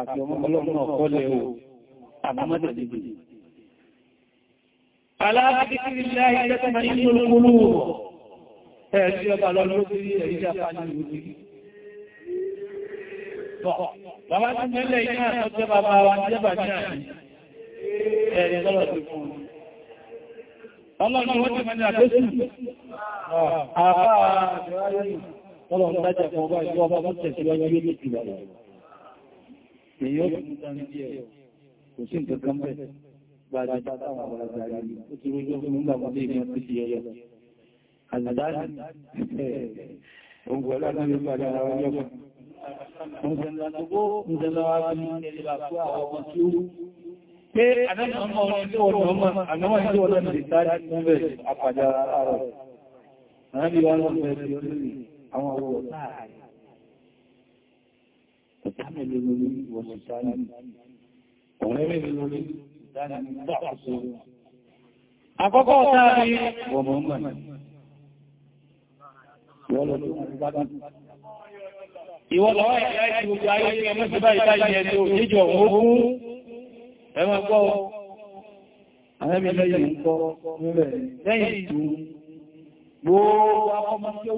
àti ọmọ ọlọ́run ọ̀kọ́lẹ̀ o àbámọ́tẹ̀ dìbì Bàbá tí mẹ́lẹ̀ iná àtọ́jẹ́ bàbá wa jẹ́ bàbá ní ẹ̀rẹ̀ lọ́rọ̀ tó fún un. Ọlọ́run wọ́n ti mẹ́lẹ̀ àgbésù. Àbá àjọ́ ayé, ọlọ́run dájẹ̀ fún ọba ìjọba mọ́tẹ̀ síwájú yóò èyí ó mú tán ní ẹ̀ kò sí nǹkan kan bẹ́ẹ̀ gbájú bá táwọn àwọn àgbàrí ó ti rójú ọmọ nígbà mọ́ lè mọ́ sí ẹyọ àgbàdájì òǹgbọ̀ lágbàrí padà àwọn ọjọ́ Pé àdájọ́ ọmọ ọmọ ilé ọ̀dọ̀ ọmọ àgbàmọ́ ilé ọ̀dọ̀ ìdìtàrí fún bẹ̀rẹ̀ àpàdà àárọ̀. Àrábíwá lọ́pẹ̀ẹ́ تحمل مني وسلطاني وغير مني سلطاني ضعف أقوى تاري ومهمن Ìwọ́n lọ́wọ́ ìyá ìgbògbò ayé ní ọmọ ìṣẹ́bá ìtàjì ẹ̀tò ìjọ ogun ẹwọ́n gbọ́ àrẹ́bìnlẹ́yìn ń kọ́ nílẹ̀ lẹ́yìn ìtù gbogbo akọ́mọ́ tí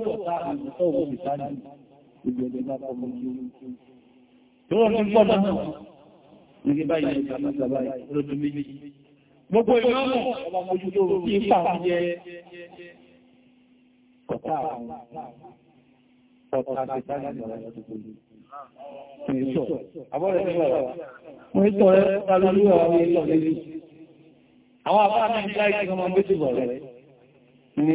ó wọ̀ Gbogbo ìrọ́mù ọba mojútó kí ń pàwọn jẹ ọ̀tá àwọn ọ̀tá àti sáàrẹ̀ ọ̀rọ̀ tó gbogbo. Àbọ́rẹ̀ tí wọ́n wà. Mo ń tọ́ ẹ́ pàlúlú àwọn ilọ̀ lórí. Àwọn àbá náà ń láìsí ọmọ méjì bọ̀ rẹ̀. Ní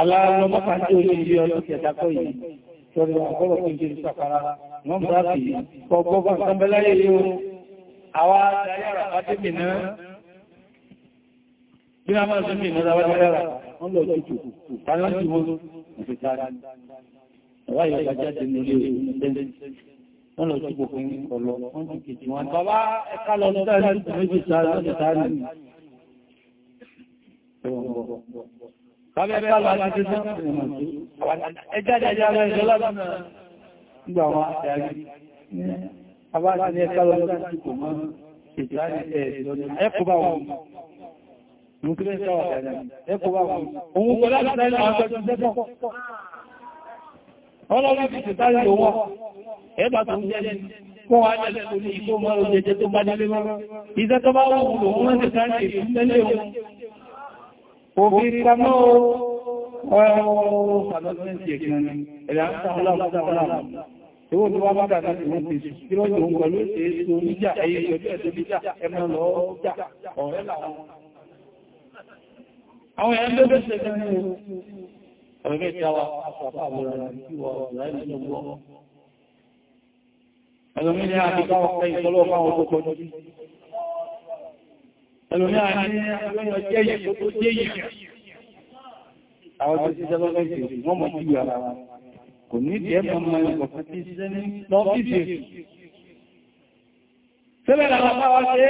Aláàrọ̀ mọ́fà tí ó lè bí ọdún yìí, sọ́rọ̀ ọ̀gọ́rọ̀ kí jẹ́ ìsàkàrà, wọ́n bá fi kọ̀ọ̀kọ́ bá sọ́bẹ̀láyé yóò, àwa dáyàrà pàtẹ́ mìíràn, bí a máa sọ Ọlọ́run ti ṣe táyé lò wọ́n, ẹgbà tó ń jẹ́ lẹ́nu ní ìgbó òfin Ewó tó wá bá dàgbà tí wọ́n fi kí lọ́jọ́ òun pẹ̀lú èso níjà ẹyẹ ìjọdí ẹ̀tọ́ níjà ẹmọ lọ jà ọ̀rẹ́ làwọn. Àwọn ẹ̀yẹn tó bẹ́sẹ̀ gan ní ọ̀rẹ́ ẹlòmíà ní ẹlòmíà jẹ́ yìí tó jẹ́ yìí àwọn tó ti sẹ́lọ́gẹ́sì wọ́n mọ̀ sí ara wọn kò ní ìdí ẹ̀mọ́ mọ́ ìkọ̀kan tí ṣiṣẹ́ ní lọ́fíìsì Tẹ́bẹ̀ làwọn bá wá ṣe,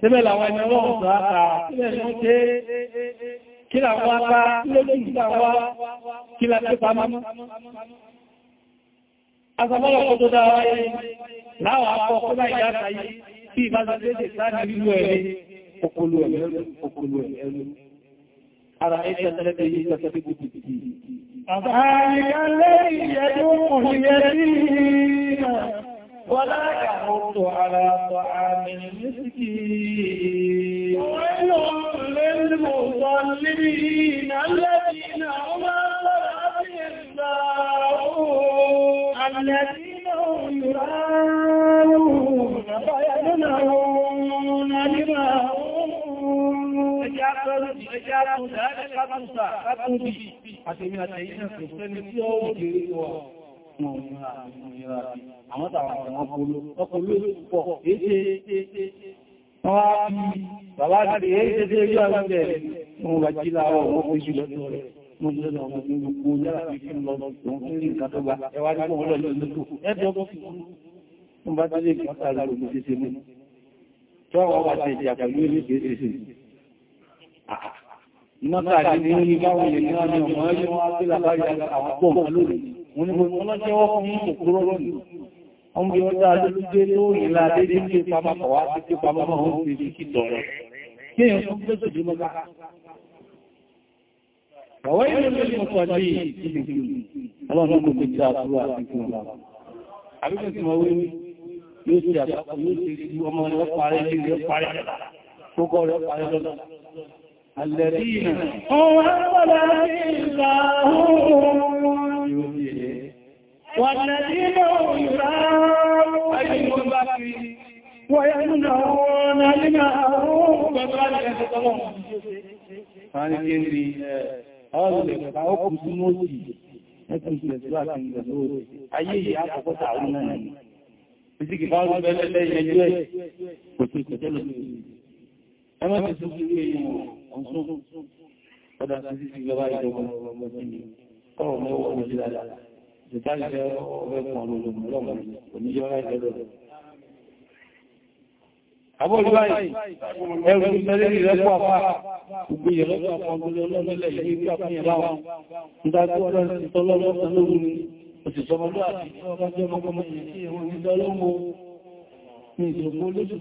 tẹ́bẹ̀ làwọn ẹni ọlọ́run sọ áta, tẹ́bẹ̀ ló ṣe, kí làwọn wá bá lójú ìgbà wá, kí la tó pamọ́. Asàmọ́lọ̀kọ́ tó dáa wáyé, láwọn akọ́ kọ́ bá ìdá Okolo ẹ̀lú, okolo ẹ̀lú. Ara ẹ̀ṣẹ́ tẹ́lẹ́tẹ́ yìí tẹ́tẹ́ tí kò tìtì. Àbáyé lẹ́yìn ẹ̀lú òun yẹ sí Wọ́lá ẹjá tún dáadẹ́ kápùsà kápùsì ní gbogbo láti mọ́tàdé àwọn ọmọ bí wọ́n dáa lórí dé lórí ìlàdé ní pé pàpàpọ̀ wá sí pé pàpàpọ̀ wọ́n fi sí kí tọ̀rọ̀ kéèyàn fún gbẹ́sọ̀ jẹ́ mọ́gá Ọ̀wọ́ ilé lórí mọ́tàdé ìdílé ọlọ́run kò fi dáa tó àfikún ọ̀la. الذين والذين يراءون ويمنعون المعروف Fáni kí ní ọlọ́lẹ̀ ọkùn tí mọ́ sí ẹkùn tí ẹ̀sùn àti ayé yìí àkọ́kọ́ tààrùn náà Ìsìnkì bá rú bẹ́lẹ́lẹ́ ẹjọ́ ẹ̀ kò tí kò tẹ́lẹ̀ ẹmọ́ ti tó fi èèyàn ọ̀sún ọ̀dá sí sí ìjọba ìjọba ọmọdé kọ́rọ̀ mẹ́wọ́ ní sí dáadáa ìtàlẹ̀ ọ̀fẹ́ fún ọlọ́run lọ́wọ́ oníjọba ìjọba Àbọ́jú báyìí, ẹrù ìtẹ́lẹ̀ ìrẹ́pọ̀ àpá, ògbìyàn lọ́pọ̀ àpá ọgbọ́lẹ̀ ọlọ́lẹ́lẹ̀ ìlú ìpí àpíyàn láwọn, ń dájú ọlọ́run ti tọ́lọ́lọ́pọ̀ lórí òṣìṣọ́mọlúwà àti ọgbọ́jọ́ mọ́gbọ́mọ́ ìrìn tí ìwọ̀n ìdọ́lọ́mọ́ ní ìṣògbó lóṣù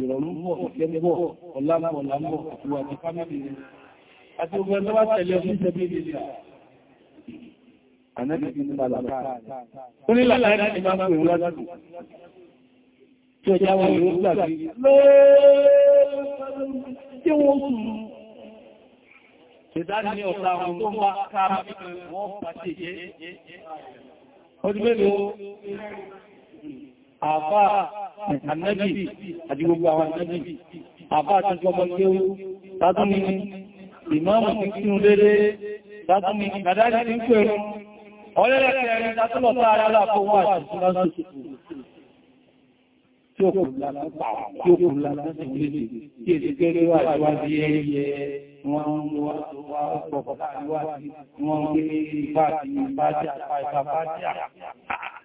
ìrọ̀rùn bọ̀ ìfẹ́lẹ́bọ̀ ọ̀làmọ̀làmọ̀ àti wá tẹ̀lé wọ́n sùn ìdájí ní àfá ànábì àti gbogbo àwọn ànábì àfá àti ọmọ kéwú tátúnni ìmáàmù tí kí léré tátúnni kàdájì tí ń pèrú ọlẹ́rẹ̀kẹ̀ẹ́rin tátúlọ̀tá ara láàpọ̀wọ́ àti tí ó kùn lára tí ó kùn lára tí ó lè tí èsì kéré wà ìwádìí ẹyẹ wọ́n ń wá ọ̀pọ̀ pàtàkì wá sí wọ́n ń gbé ìbájá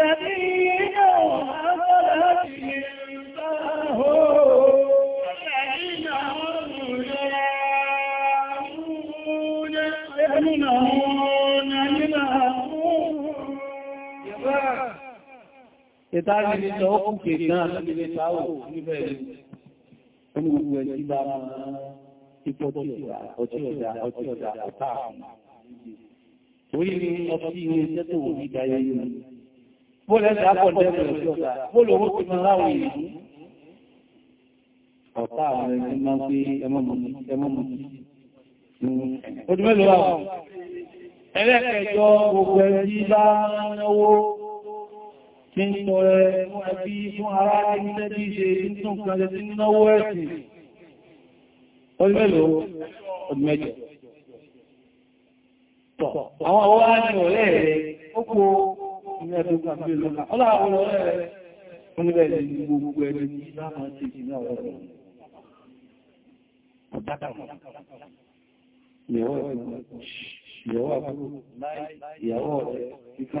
الذين أخذتهم فهو الذين هم يعلمون يعلمون يعلمون Ìtàrí ní sọ ókùn kè náà lọ́gbẹ̀lẹ̀ táwò níbẹ̀ ẹni gbogbo ẹ̀sí bá máa ipò tí ọ̀dá ọtí ọ̀dá ọtí ọ̀dá ọ̀tá àwọn. Orí ni ọtí ilé iṣẹ́ tó wò ní ìdáyé yìí bóòlẹ̀ ẹ̀sẹ̀ ẹlẹ́kẹjọ gbogbo ẹbí bá náwó tí ń tọ ẹbí fún ara ẹgbẹ́ tí ṣe tún kan jẹ́ tí náwó ẹ̀sìn ọdún mẹ́lọ ọdún mẹ́jọ Àwọn àwọn rẹ̀ ó kò ilẹ̀ tó gbàgbé lọ́nà ọlọ́run ọ̀rẹ́ rẹ̀ oníbẹ̀ẹ̀lẹ̀ ní gbogbo ẹni ní láàmà sí ìjìnà ọ̀rọ̀ ìyàwó ìyàwó àbúrò ìyàwó ọ̀rẹ́ ìká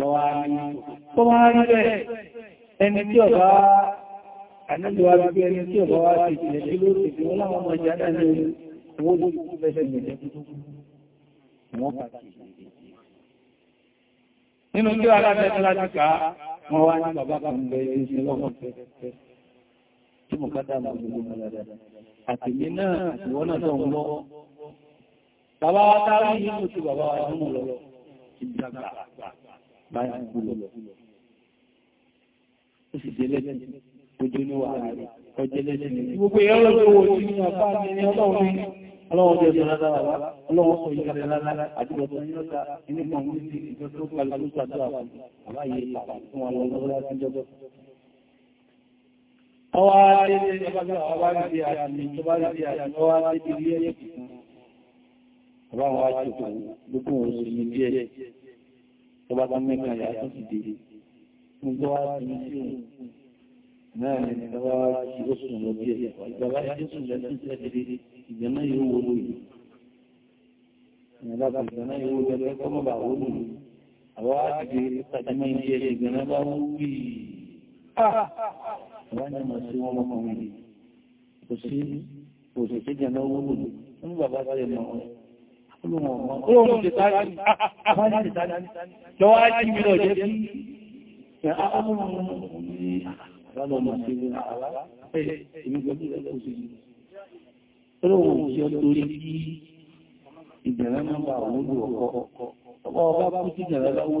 Tó wá rí bẹ́ẹ̀, ẹni tí ọ̀bá ànájúwá bí ẹni tí láti ká, wọ́n wá ní bàbá kan bẹ̀rẹ̀ ìṣẹ́lọ́wọ́ tí mo ká dáàmà gbogbo dáadáa. Àtìmí náà àti wọ́n náà tó lọ́wọ́. Bàbá wa táwọn yìí ló ti bàbá wa lọ́mọ̀ lọ́wọ́ báyà kú lọ. Ó sì dé lẹ́sìn ojú ní wàhálà rẹ̀, ọjẹ́ lẹ́sìn ní. Gbogbo èèyàn lọ́jọ́ owó tí ní àpá ní ọlọ́run ní ọlọ́run jẹ́ ìjọ lára wà, ọlọ́run sọ ìjọ lára àdúgbò tó ní ọjà inú kan ní ti ìjọ tó kalẹ̀ ló ṣàdúrà wà ní àbáyé ìpàpà fún wọn lọ́wọ́ láti jọjọ́. Ọwá ilé ìjọba ọba ìdí òun sí ní díẹ̀ tó bá tán mẹ́kan yà tó sì dé gbogbo wá sí sí òun náà ni ìjọba tí ó sùn lọ díẹ̀ ìjọba tí ó sùn lọ sí sẹ́dẹ̀dẹ̀ ìgbẹ̀mọ́ yóò wo lóyìn ìjọba ìgbẹ̀mọ́ yóò wo lọ́gbẹ́ kọ́ mọ́ bà wó lù àwọn àgbẹ̀ pàtàkì ìjẹ́ ìgbẹ̀mọ́ bá wú bí wọ́n ní mọ̀ sí wọn mọ́kànlẹ̀ kò sí òṣèṣẹ́ jẹ́ náà wó lù ní bàbá tẹ́ mọ́ wọn Olóhun ìtàrí, àbájá ìtàrí, lọ wá jí mi lọ jẹ́ sí, ṣe á ọmọ ọmọ ní àrálọ́mọ̀ sí àwárá, ẹ̀ ìmúgbẹ̀mí rẹ̀ kò sí. Olóhun ìṣẹ́ torí kí ìbẹ̀rẹ̀ máa bà wúlò ọkọ̀ ọkọ̀. Ọba ọba bá kú sí ìjẹ̀rẹ̀ lọ́wọ́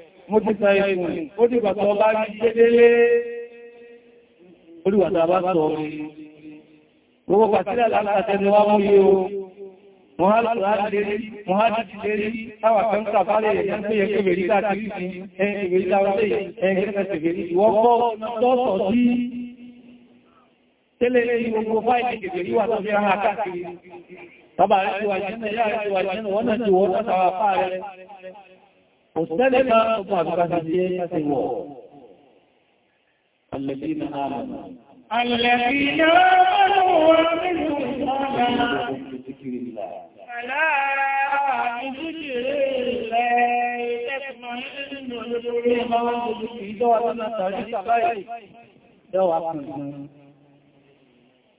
mo ti sọ ìfún ó ti bàtà ọba gbẹ́dẹ́lé olùwàtà bá sọ gbogbo pàtílẹ̀ látàtẹni wá mú yí o mọ́hálì lérí táwà kan kàfàlẹ̀ ẹ̀yàn tó yẹ kébèrí káàkiri sí ẹ̀yìn kébèrí táwọ́lẹ̀ ẹ̀yìn kébèrí ìwọ́pọ̀ tọ́sọ̀ sí tẹ́lẹ̀ ní gbogbo fáìlì kébèrí wà tó fi rán akáàkiri òṣìṣẹ́lẹ̀ká ọgbọ̀n àbúkàtàdé ti wọ̀ alẹ́bínà àmàmà alẹ́bínà àmàmà wọ́n nínú ọ̀nà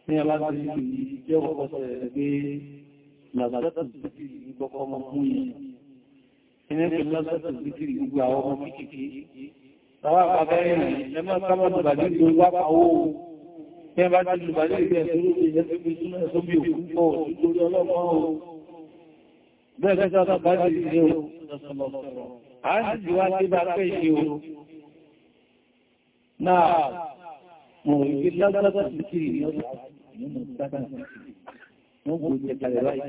Ní alágbàrí ìjọ́ ọ̀pọ̀ sọ̀rọ̀ ẹgbẹ́ làbàtà tó ti gbọ́kọ́ ọmọ fún ìyẹn ilé pẹ̀lú lọ́sọ̀tọ̀ títí gbogbo àwọn ọmọ kéèkéé tàwà àpapẹ́rin ẹmọ́ sábàtù bàdé tó wá pàwó ní ẹbá ti lù bàdé ìgbẹ̀ tó rúkè ẹgbẹ̀ súnmọ̀ ẹ̀sọ́ bí òkú pọ̀ lórí ọlọ́pàá o bẹ́ẹ̀ kẹta tó bá ti ṣe o a ń sì wá sí bá pẹ́ ṣe o náà mọ̀ ìgbẹ̀ lọ́sọ̀tọ̀ títí ìyọ́ wọ́n kò jẹ kalẹ̀ láyé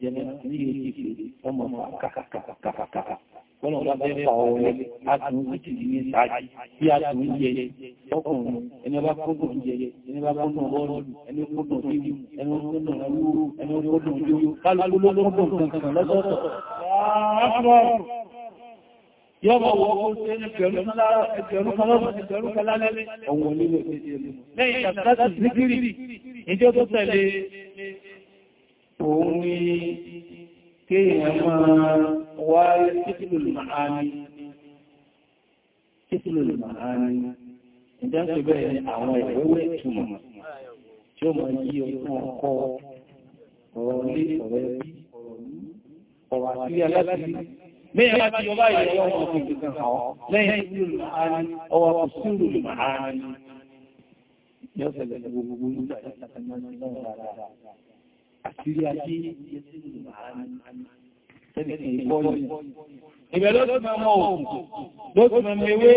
jẹmọ́ ní èyí fèrè ọmọ kàkàkàkàkàkà wọ́n lọ bẹ́ fà ọwọ́ lẹ́ àtún títì ní sáàjì bí àtún yẹ ọkùnrin ẹni ọba kọ́dùn jẹyẹ ẹni ọba kọ́dùn bọ́ọ̀lù ẹni kọ́dùn fíìmù ẹni kọ́dùn ẹwúrú ẹni kọ́dùn yóò kálukú lọ́kọ́dùn kankan lọ́sọ̀tọ̀ yọ́bọ̀ wọ́n kó ṣe ní ẹgbẹ̀rún kan lọ́sọ̀ ẹgbẹ̀rún kan lálẹ́ òun ni kéèyàn máa wá títìlò ìmọ̀háni títìlò ìmọ̀háni bẹ́ẹ̀ ni àwọn ìwẹ́wẹ́ ìtumọ̀ tí ó máa yí ọkọ̀ ọkọ̀ ọ̀rọ̀ ní ọ̀rẹ́ bí ọ̀rọ̀ àti aláti Mẹ́yàn láti ọba ìrọ̀ ọmọ òkùnkùn kan lẹ́yìn tí olùmọ̀háni, ọwọ́ kò sí olùmọ̀háni, yọ́ sẹ̀lẹ̀ gbogbo ìgbàjọ́ àṣírí ayé Ìbẹ̀ ló ti mẹ́mọ́ òkùnkùn, ló ti mẹ́mọ́ ewé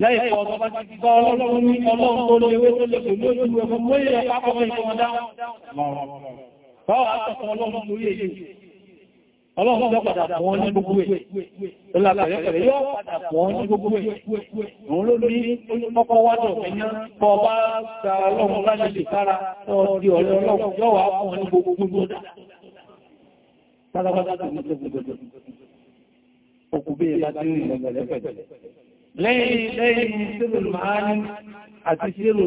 lẹ́yìn ọ̀dọ́ ti gbọ́ ọlọ́run ní ọlọ́run tó léwé tó lè pẹ̀lú ojú ẹgbẹ́ mọ́ ìrẹ̀ pápọ̀ ìfọ́ndá. Báwọn àtọ́kọ̀ Ọlọ́run yóò padà fún ọ ní gbogbo ẹ̀. Ọlọ́pẹ̀lẹ́pẹ̀lẹ́ yóò padà fún ọ ní gbogbo ẹ̀. Òun ló ní ọkọ̀ wájọ̀ ẹ̀yán kọ bá gba ọlọ́run láti lè kára tọ́ di ọ̀rẹ́ ọlọ́run yóò wá fún ọ ní gbogbo gbogbo dá. Tálábátá tó ní gbogbo òkùnbé láti rí ìlẹ̀gbẹ̀lẹ́pẹ̀lẹ́. Lẹ́yìn lẹ́yìn sílùú màání àti sílùú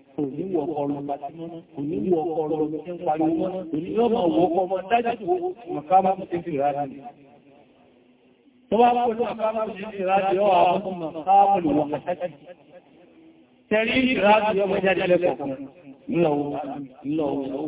òní wọ ọ̀rọ̀ bàtímọ́ òní wọ ọ̀rọ̀ mú sí fi ráàdì bá pẹ̀lú mọ̀kámá mú ọ́ àwọn ọmọ mọ̀kámá lù wọ́n tẹ́rí ráàdì ọmọ jáde lẹ́kọ̀ọ̀kan ńlọ́wọ́ ńlọ́wọ́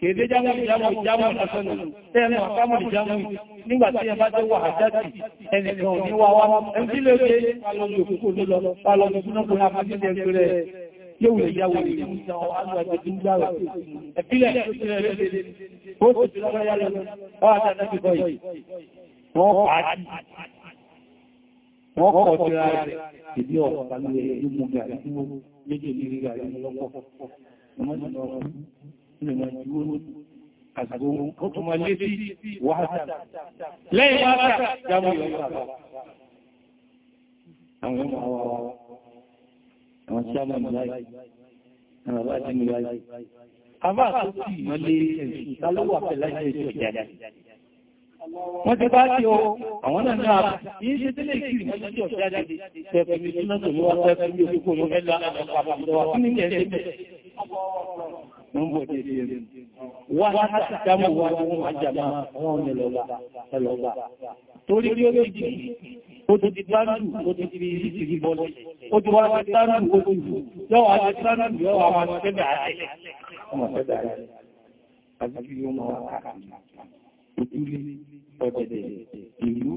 kéde jámù jámù jámù lásánà tẹ́ẹ̀mù àkámù jámù nígbàtí ẹ bá jẹ́ wà àjájì ẹnìkan ní wà wá ẹ̀mí lè ṣe pàlọ́nà òkúkú lọ yóò lè yáwó ilé ilẹ̀ àwọn ti bá tí ó àwọn náà náà yìí ṣe tí lè kí ìmọ̀lẹ́ tí ọ̀ṣẹ́ tí lọ́tọ̀ ló wá tẹ́fẹ̀mí òkúkò ló mẹ́lá àpapọ̀ mun bude din wa hata kama wa mu ajama wọn ni lọ bá lọ bá torí kí ó lè jì ó ti di tánù ó ti di ìsìkì bọ́lẹ̀ ó ti wá ti tánù ó ti jù yọ́ wá ti tánù yọ́ wá wá ti tẹ́bẹ̀ àti ọmọ tẹ́bẹ̀ àti àti yóò mọ́ ìdílé ọ̀dẹ̀dẹ̀ ìlú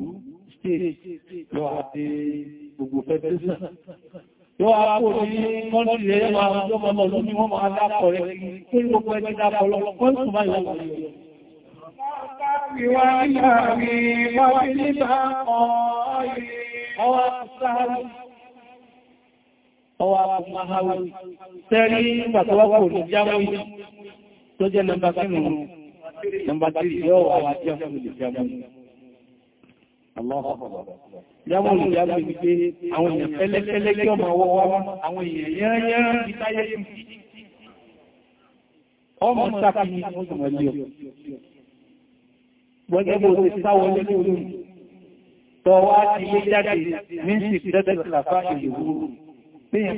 stéèjì lọ́wọ́ àti gbogbo fẹ́ yóò wá kó ní kọ́ntì rẹ̀ máa lọ́pọ̀ máa dápọ̀ rẹ̀ kí gbogbo ẹgbẹ́ dápọ̀ lọ kọ́ntì máa yọ wọ́n rẹ̀. Ọwọ́ ní Jámọ́ì tó jẹ́ nọmbà 3, nọmbà 3 yóò Yàwọn ìyàwó ìgbé àwọn èèyàn pẹ́lẹ́pẹ́lẹ́ kí ọmọ ọwọ́ wá àwọn èèyàn yẹ́rẹ́ ìtayé ọmọ sáfí ọmọ ilé ọ̀. Gbọ́gbẹ́gbẹ́ òṣè sáwọlé lórí tọwá ti lé jáde ní sí tẹ́tẹ̀lẹ̀fà ìlú tí yẹn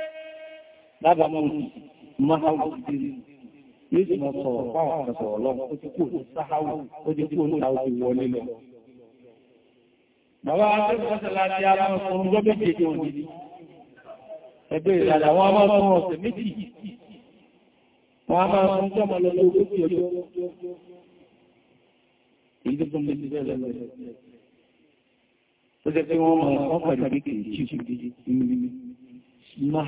lábàá mọ́ máhàwù sí yóò sì máa sọ̀rọ̀ fáwọn àkàsọ̀ ọlọ́run ó ti kò ní sáháwù ó ti kò ní sáháwù ti wọlé lọ. Bàbá akẹ́kọ̀ọ́sẹ̀lá ti a máa sọ ọjọ́ méje tó wọ́n ní. Ẹgbẹ́ ìlànà wọn máa sọ ọ̀sẹ̀ méjì. Wọ́n máa sọ ọjọ́ máa lọ ọjọ́. Èyí tó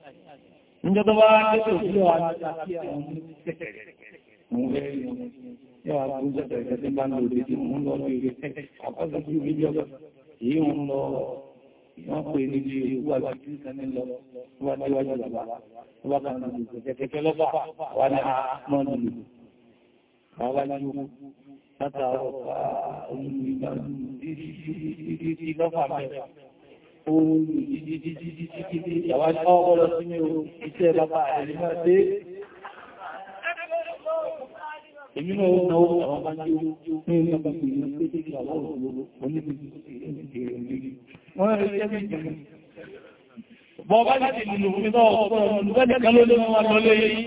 Níjọ́ tó bá tẹ́tẹ̀ òfílẹ̀ wà ní àti àwọn ọmọ Yọ́wà àgbújọ́ tẹ̀ẹ̀kẹ́ tí bá ń lò lè tí mú lọ lórí rẹ̀. Àpọ́sọ̀ tí ó méjì ọjọ́ èyí ń lọ wọ́n pè ní bí ìwà ìwájú ìsẹ́ni lọ wọ́n tí wájú bàbá. Wọ́n kan lọ lè tẹ̀ẹ̀kẹ́ lọ́bà wà ní àmọ́ lòlò. Bàbá ní ó látàrọ̀ oòrùn jíjíjíjíjíjí àwọn ọgbọ́lọ sí ní oòrùn iṣẹ́ bàbá ẹ̀lú máa dé èmi náà ó náwó àwọn bá jí oòrùn ní ọgbà ìrìnà pé tí kí àwọn òṣèlú oníbìsí wọ́n rí jẹ́ méjì bọ́ bá láti lùlù fún ìtọ́ ọ̀pọ̀ olùgbẹ́ni kan ló lé wọn lọ lé yìí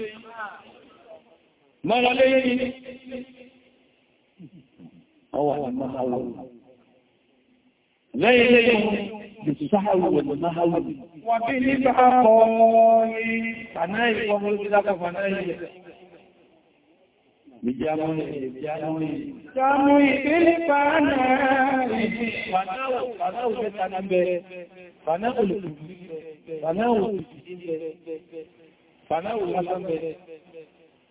mọ́ lọ lé yìí ọwọ́ àwọn ọmọ àwọn lẹ́yìn lẹ́yìn بالسهو والمهو وبالبعقاء فنائي ومرض لك فنائي بجامعي بجامعي جامعي بالفنائي فناو فناو بتنبه فناو الكبير فناو الكبير فناو الكبير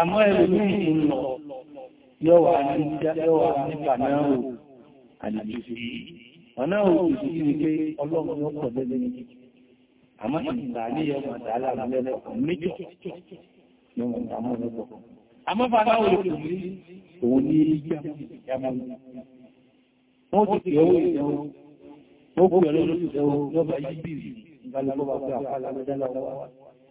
àmọ́ ẹlòmíì ń lọ yọ́wà nípa náà ò àdìjú sí ọ̀nà òkùnkùn sí wípé ọlọ́run yóò pọ̀ lẹ́lẹ́ àmọ́ ìgbà ní ọmọ ìdálà lẹ́lẹ́kùn méjọ ní ọmọ ìdámọ́ lẹ́lẹ́kùn àmọ́ bá láwọn olùkùnrin òun ní ìjàmọ́ wọ́n ti pè owó ìjẹun ó pè ọlọ́run ìjẹun lọ́bàá yìí bìrì ìgbàlẹ́gbọ́ bá pẹ́ àpá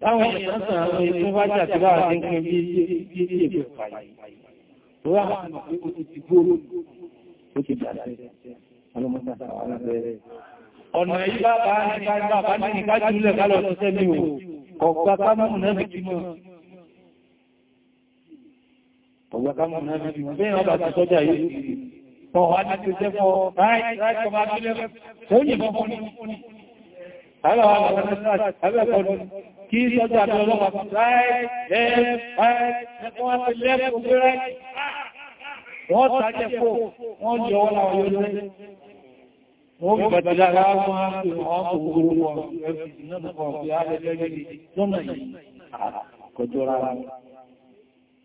Táwọn ìṣẹ́sàn àwọn ikú bá jà tí bá àti kí bí i ṣe ìgbẹ̀ pàyí. Wọ́n á mọ̀ pé ó ti gbóró ó ti dàrẹ́. Ọlọ́mọ́ta àwọn alábẹ́rẹ́. Ọ̀nà yìí bá bá ní bá ní ìkájúlẹ̀ kálọ̀ ṣẹ́ mi ò, ọ̀gbà kámọ̀ náà bí kí mọ́. Ọ̀gbà kámọ̀ náà bí mọ́. Bẹ́ẹ̀ ọba ti sọ́jà yìí, ọ̀wá ní ti jẹ́ fọ́ Kí sọ́jà tó lọ́pàá fún láẹ́ Wọ́n tàjẹ́ fò, wọ́n jọ wọ́n láwọn yóò lẹ́. Wọ́n bí bàtà lára wọn á pè wọ́n kò gbogbo wọn ẹ̀fì náà bọ̀ bí á lẹ́gbẹ̀ẹ́ lọ́nà yìí. Àkọjọ́ra wọn.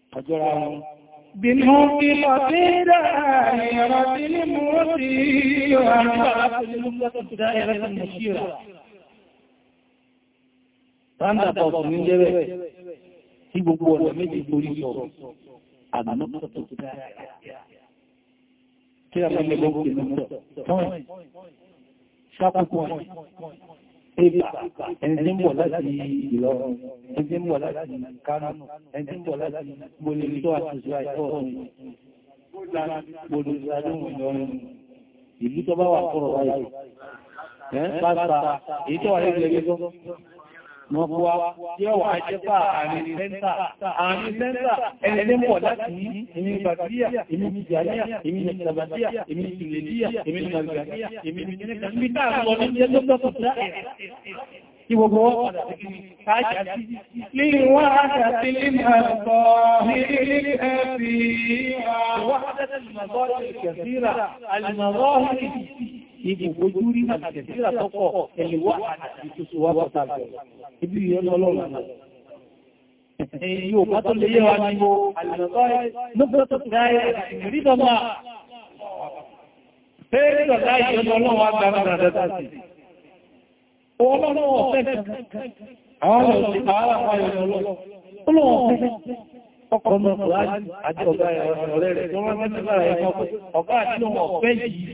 Àkọjọ́ra wọn. بالموت قصيدة دائرة الموت وعلى دائرة المشيرة roundabout ní jẹ́rẹ̀ tí gbogbo ọ̀nà méjì borí sọ àgbàmọ́tọ̀ tó kí a mẹ́lẹ̀ gbogbo ìlúmọ́tọ̀ tọ́rin ṣápùpù Ebà, ẹni tí ń bọ̀ láti Ìlọrin, ẹni tí ń bọ̀ láti Kánò, ẹni tí ń bọ̀ láti Bolè tó àti Ìṣúra ìtọ́ ọ̀rìn, Bolè Ìṣàdóhùn Ìlọrin, ìlú tó bá wà fọ́rọ̀ wáyé. Ẹ́ pàtàkì, èyí tó wà lẹ́gbẹ̀ẹ́ wọ́n bọ́ tí ó wà jẹ́ pà àrin sẹ́ntà àrin sẹ́ntà ẹlẹ́mọ̀ láti ní ìmì bàtíyà ìmì jìjàníà ìmì ìjàbàtíyà ìmì ìlèdíyà ìmì ìgbàgbàtíyà ìmì ìjìnlẹ̀ Kí gbogbo ọ̀pàdà sí kí ní káàkiri àti lílẹ̀ wọ́n àti lílẹ̀ ẹ̀kọ́ nílẹ̀ ẹ̀fì ìwọ́n àti lílẹ̀ ẹ̀kọ́ ibi ojú rí àtẹ̀síra tọ́kọ̀ ẹ̀lẹ̀wà àti tuntun wà pọ̀tà ibi ìyẹn ọlọ́run yóò bá tó lè yẹ́ wa ní mo alìlọ́tọ́ Ọkọ̀ ọmọ ọ̀rẹ́ rẹ̀ tó rán mẹ́tẹ́lára ẹ̀kọ́ ọ̀gá àti ọmọ ọ̀fẹ́ yìí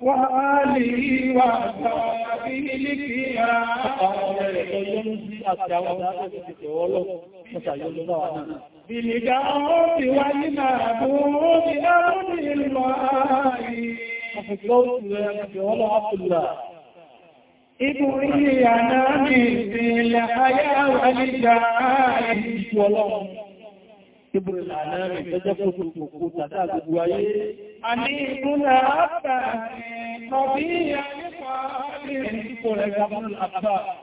وآله وأصحابه الكرام بالدعوة والمعبود أرض الله إبري أنامي في الحياة والجاه إبري الأنامي تجفت الكوكوتة تجفت عليمنا أبدا قضية لقادر قل قبل الأباء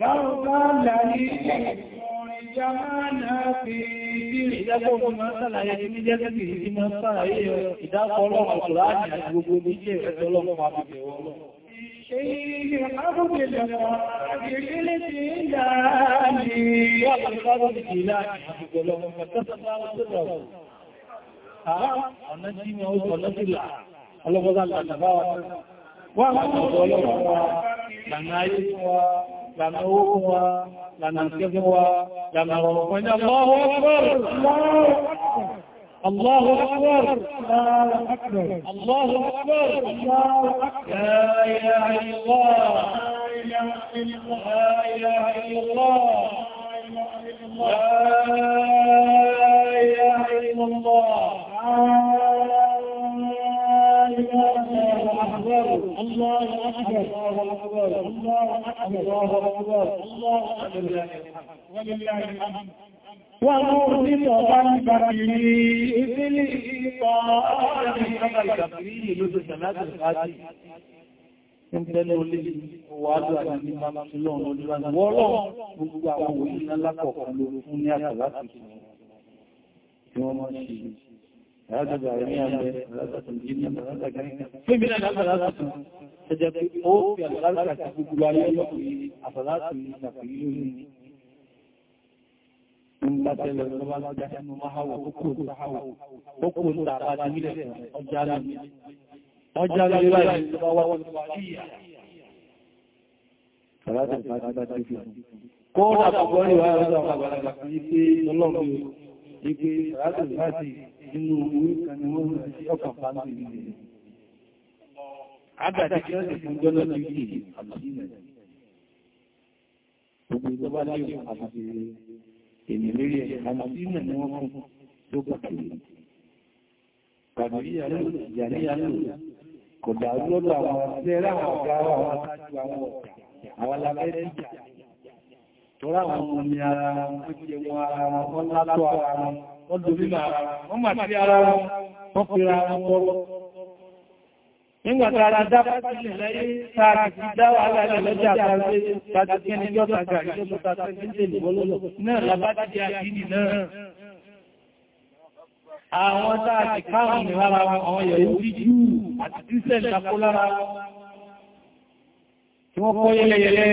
لو كان لي جمعنا في Ìjẹ́gbọ́n máa sálàyé ní jẹ́gbẹ̀ẹ́ ìmọ̀ sáàrí ìdákọ́ ọlọ́run Kùránì àti gbogbo méjì ẹ̀fẹ́ ọlọ́run máa fi bẹ̀rẹ̀ ọlọ́run. Ṣé ilé àbúgbè lọ́wọ́ àti ilé ti ń dáa ní ọ̀pọ̀lọpọ̀ ìlànà àti ìgbẹ̀lọ́run ọ̀nà tí ni ó sọ lọ́sílà ọlọ́gbọ́dá lànàbá wa wà láti ọ̀dọ̀ ọlọ́run wa lànà ayé wa lànà owó wa lànà ìṣẹ́gun wa lànà ọ̀rọ̀ pẹ̀lú Allahu Akbar Allahu Akbar Allahu Akbar La ilaha illallah La ilaha illallah La ilaha illallah الله أكبر الله أكبر الله أكبر الله أكبر الله أكبر ولله الحمد ومرضي وغنبر في الإطاعة Ìpínlẹ̀ olè wàádù àti ìmọ̀ ìlọ́run olúwàdù wọ́lọ́ gbogbo àwọn òwúrí ńlá lápọ̀ kan lórí fún ní àtàlátì tí wọ́n mọ́ sí ìlú. Ìrájọ́ bàrẹ̀ ní àgbẹ̀, ìrájọ́ tó jí ní àgbẹ̀, fún ìbílẹ̀ àgbẹ̀ látàtún, ṣẹjẹ́ pé ó fi àgbàlágbà àti gbogbo ayé lọ́kùnrin àbàlátù ìṣàfihàn ní ìgbàtẹ̀lẹ̀ lọ́wọ́ lọ́jà ẹnu máa hàwọ̀ ó kò sáhàwọ̀, ó kò ń tàbá ní ilẹ̀ ọjà lámì. Ọjà lámì láì lọ́wọ́ wọ́n ti wà níyà. Ṣàlátà ìfàjá bá ti fi hàn. Kọ́ inú orí kan ni wọ́n rẹ̀ sí ọkà pàtàkì nílẹ̀. Agbàtí kí wọ́n fún jọ́nà ní ìdí àbúsílẹ̀. Gbogbo ìjọba láyé àti èmì lérí ẹ̀ àbúsílẹ̀ àwọn ọmọ mi ara wọn, ó jẹ wọn ara wọn, wọ́n látọ́ ara wọn wọ́n dorí lára wọ́n mà sí ara wọn wọ́n fi ra wọn kọ́rọ́ nígbàtí ara dá pàtílẹ̀ láyé sáàrì ti dá wà láàrín lọ́jà àkàrẹ́ láti kí ẹni jọ́ta àkàrí tó tàbí tẹ́lẹ̀ lọ́lọ́lọ́ náà lábájí àkíní àwọn táàkì orí jù àti tíṣẹ́ ìtakó lára tí wọ́n kọ́ yẹ́lẹ́yẹ́lẹ́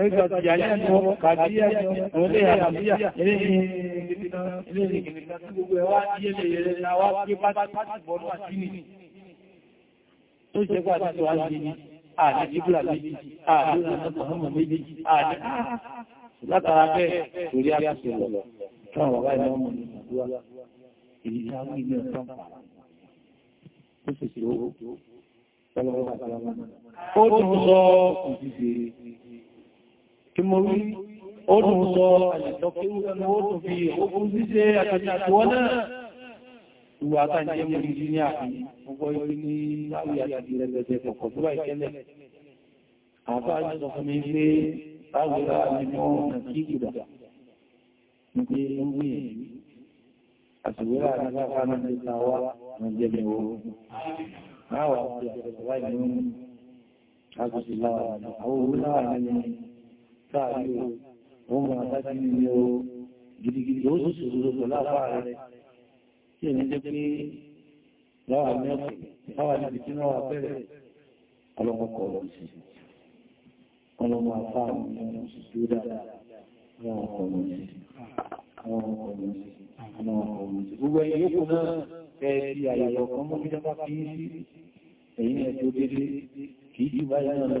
Ẹgbẹ́ ọ̀tọ̀ ìyàlẹ́ ẹni wọ́n kàdíyà ẹ̀wọ́n lè àmàdíyà eré ní ilé ìgbìnlẹ̀ tí gbogbo ẹwà tí èlè ẹ̀rẹ́ láwá tí pátàkì bọ́ọ̀lù àti ní kí mo rí ó dùn sọ àyẹ̀tọ́ kí ó dùn fi ogun ṣíṣe àti àtúwọ́ náà ìwà àtàjẹ́ mú ìdí ní àfihàn ọgbọ́ ibi ní láwí àti rẹ̀gbẹ̀gbẹ̀ pọ̀pọ̀ tó bá ìkẹ́lẹ̀ àbá àjọ fún mi pé láwúrá nínú ọ̀nà kí ìgbà nígbé ìwé àṣìwérà nígbàfà nígbà wá nígbẹ̀mẹ̀ oòrùn láwà àti àjẹ̀rẹ̀ sáàrí wọn máa dájú ní o gidigidi ó sì ṣòro pẹ̀lú àfáà rẹ̀ tí èmi jẹ́ pé láwà ní ọ̀pẹ̀ láwà níbi tí náà fẹ́rẹ̀ ọlọ́mọkọ̀ lọ sí ọlọ́mọ àfáà ní oṣù tó dáadáa wọn ọkọ̀ ẹ̀yìn yóò dédé kìí jù báyìí náà lọ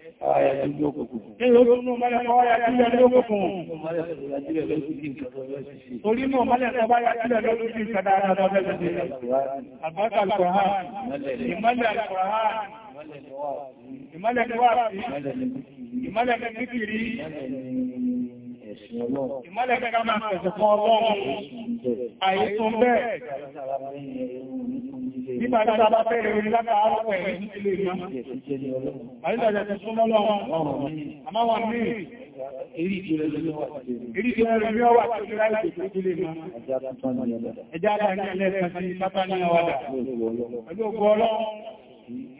Torí náà mọ́lẹ̀ tọba yà sílẹ̀ lórí ìkàdá àjọ́ ọjọ́ ìjẹ́ àbákà alkùnrin, ìmọ́lẹ̀ alkùnrin, ìmọ́lẹ̀ níwàásí, ìmọ́lẹ̀ nígbìrí, ìmọ́lẹ̀ kẹ́kẹ́ máa pẹ̀sẹ̀ fún ọlọ́run, àìsùn bẹ́ẹ̀ bí máa dáadáa bá fẹ́rẹ̀ orí látàárọ̀ pẹ̀lú ilé ìmọ̀. Àrídàjẹ̀ ti súnmọ́ lọ́wọ́. Àmọ́ wọn ní èrí ìjìnlẹ̀ ìlú wà tí ó rí.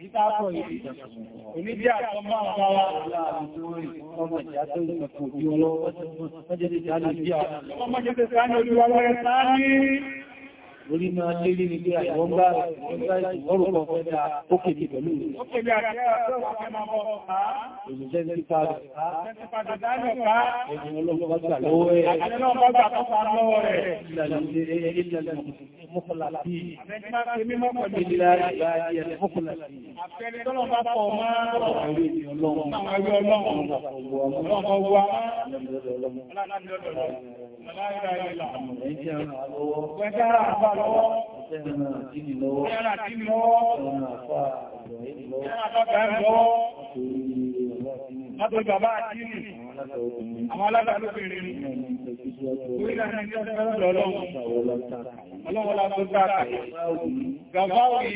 Ìtàkọ̀ ìrìn, oníjẹ́ àtọ́mọ́ àwọn ọmọ ìyá tó ìpẹ̀kùn òbí ọlọ́wọ́, ọjọ́ ìjẹ́ àlè bí i àwọn ọmọ ìjẹ́ tẹ́sẹ̀ á ní olúwa lọ́rẹ̀ sáà ní orí máa lérí ní pé àwọn bá ọrùkọ̀ fẹ́ta ókè ní pẹ̀lú òṣìṣẹ́ ti padà ẹ̀yìn ọlọ́gbọ́gbà lọ́wọ́ ẹ̀ ìlàlẹ̀ mọ́kànlá sí ìlà ìlàlẹ̀ mọ́kànlá sí Ọlọ́run bá pọ̀ máa ọlọ́run ọlọ́run ọgbọ́ lọ́wọ́ Ẹran àtíni lọ́wọ́, ẹran àtíni lọ́wọ́, ẹran àfáà àjọ̀ ẹni lọ́wọ́, ẹran àtọ́gbà ń lọ́wọ́, ọkùnrin ọlọ́tíni látọ̀ bàbá àti ìrìn àwọn alágbàlóbìnrin rí orílẹ̀ ìjọsẹ̀ ọlọ́run ọlọ́run látọ̀ bá àkàyè gàbá òyí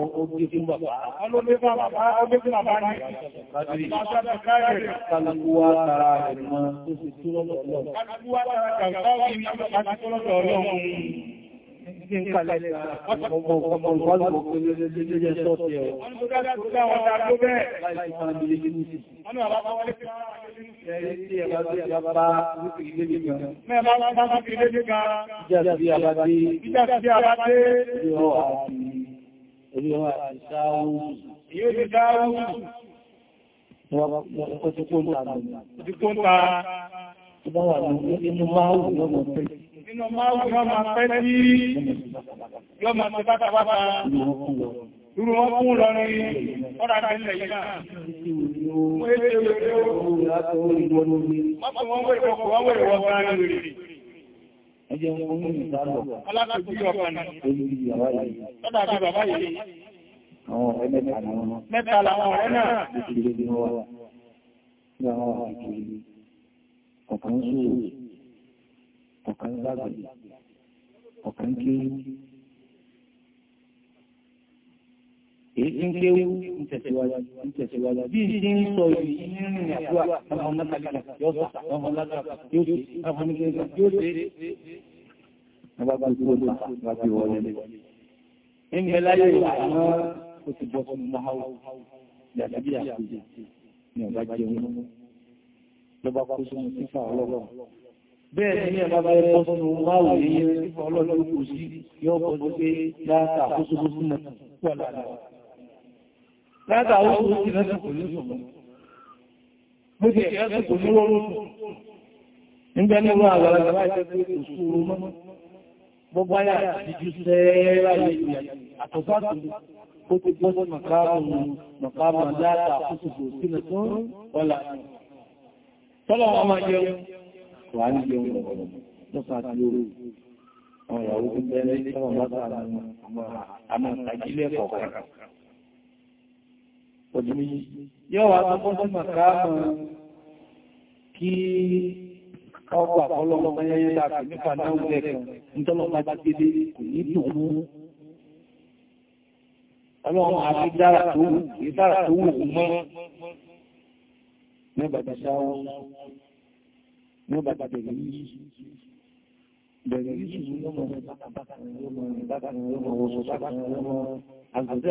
ọgbẹ́ fún bàbá ọlọ́gbẹ́ fún bàbá ọgbẹ́ fún bàbá ní kàlùkúwà tàrà ẹ̀mọ́ tó sì túnlọ́lọ́ Yóò ti dáwọ́ Ìwọ̀n ọ̀pọ̀ ti kó ń ta. Ìdíkó ń ta. Ìbáwà ní inú máa ń wùn lọ́mọ̀ pẹ̀lú nínú máàrùn yọ́ máa pẹ́ sí yọ́ máa ti bá tàbátà dúró wọ́n fún lọ́rin ọ́dá tẹ́lẹ̀ yìí náà ìdálọ̀. Alákòókò ọ̀pàá náà. Olúrí bàbá yìí. Lọ́dà àti bàbá yìí. Àwọn ọ̀rẹ́ ni wọ́n. Mẹ́ta ọ̀kan gbàgbé ọ̀kan kéwú èyí tí ń kéwú ń bí i ṣe ń sọ ìrìn àdúrà ọmọ mẹ́tàlẹ́gbà yóò sọ ọmọ lágbàgbà yóò sí ọmọ nígbà yóò sí Lọ́bàá kó súnmọ̀ sífà ọlọ́rọ̀ bẹ́ẹ̀ ní ẹ̀bá bá ẹ̀kọ́ sínú wáwò yíyẹ fífọ́ ọlọ́lọ́ kò sí yọ́ kọ́ sí pé láàtà àkóṣogbo sí mẹ́ta wà láàrín láàtà àkóṣogbo sí mẹ́ta kò ní sùn mú ti ẹ̀ẹ́sì kò ní rọrùn nígbẹ́ ní wọ́n àgbàlagbà bá ẹ̀kọ́ sí òṣùrù mọ́ gbogbo ayà ìjú sẹ́ẹ̀rẹ́ àtọ̀sátùn ó ti gbọ́ sí màkàrùn-ún màkàrùn wà ní ilé ọ̀rọ̀ lọ́sà tí ó àwọn ìyàwó tó bẹ́rẹ̀ sọ́rọ̀ látàrí àmọ́ àjílẹ̀ kọ̀ọ̀kan ọdún yìí yọ́ wà tó fọ́n sọ́mà káàmù kí ọkọ̀ àpọ̀lọ́pọ̀ ẹyẹ láti nípa náà lẹ́kùn nítọ́lọ́pàá bá gbédé kò ní dùn mú ọlọ́run àti dára tó wù mọ́ nígbàtí sáwọn ní ọba bàbẹ̀ yìí bẹ̀rẹ̀ yìí ṣùgbọ́n yọmọ yọmọ wọ̀sọ̀ yọmọ ní ṣe ó ti pé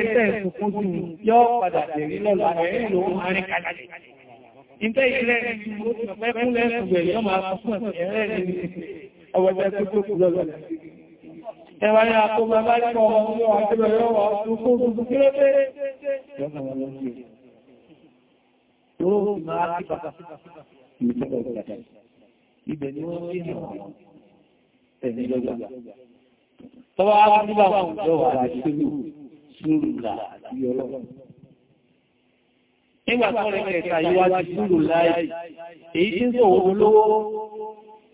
ẹ̀ṣẹ́ ìsìnkún jù yọ́ padà bẹ̀rí lọ́la ẹ̀rí lòun arin kalẹ̀ ìtẹ́ ìrẹ́ ìlú ó ti pẹ́ kúnlẹ̀ ẹ̀sùn yọ́ máa fún ẹ̀rẹ́ ìlú ọwọ́jẹ́ tó tó kù lọ́lọ́lẹ́ ẹwà àkó bàbá nípa ọmọ ọmọ àtẹ́bẹ̀ yọ́wà lókó gbogbo kí ló pé Ibẹ̀ ni wọ́n rí àwọn ẹ̀mí lọ́gbà. Tọ́wọ́ àwọn nígbà wọn lọ́wọ́ àṣírù ṣúrù láàrín ọlọ́run. Nígbà tó rẹ̀ kẹta yíwá ti ṣúrù láì, èyí tí ń sọ òun lówó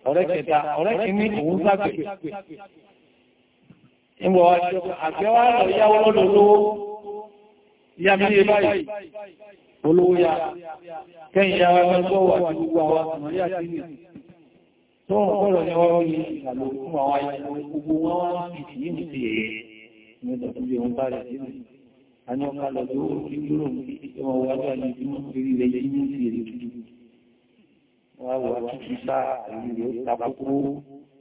ọ̀rẹ́ kẹta, ọ̀rẹ́ kìíní òun sáàgbẹ̀ ìwọ̀ àgbẹ́wà lọ yáwó lọ́dọ̀ olówó ya mi ní báyìí olówó ya kẹ́yìn ya wọ́n gbọ́ wà ní gbogbo àwọn àmàrí àti ní tó ń kọ́rọ̀ ní wọ́n ní ìgbàlò fún àwọn ayẹwo gbogbo wọn wá ń fi ní ìdí ẹ̀ ní ọjọ́ tó lè ń bá rẹ̀ sí a ní ọkà lọ tó ó ti dúró ìwọ̀n wà lọ́wọ́ ní ìdí mú orí rẹ̀ yìí ní ìdí èrè tuntun wọ́n wà kí kí sáà ìrìn ó tapókó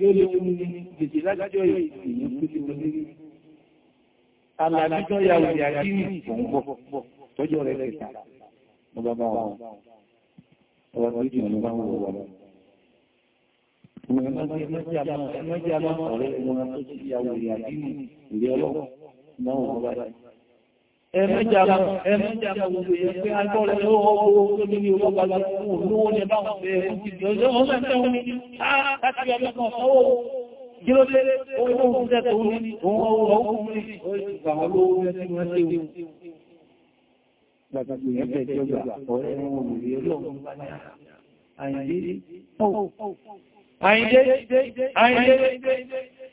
lórí ya òjì àkírí ìfòun bọ̀ tọ́jọ́ rẹ̀ kẹta. Mo bá bá wọn. Ọwọ́ tó jù bá wọ́n wọ́n. Ìmọ̀ ẹ̀mọ́ ẹ̀mẹ́jàmọ̀ ẹ̀mẹ́jàmọ̀ gbogbo yẹn pé agbọ́rẹ̀ ló ọgbọ́ tó ní ní ọgbọ́ gbogbo olówó ní bá wọn bẹ̀rẹ̀ ọjọ́ ọmọ ẹ̀sẹ̀ wọn ni láti ọjọ́ kan sọ́wọ́ gílódé owó ohun tẹ́ tó ní ohun ọwọ́ ọkùnrin ìgbàwọn olówó mẹ́sí wọn ṣe wù gbàgbàgbà ẹ̀fẹ́ ìjọba ọ̀rẹ́ wọn olùrí ọlọ́run bá ní àyàndé àyàndé àyàndé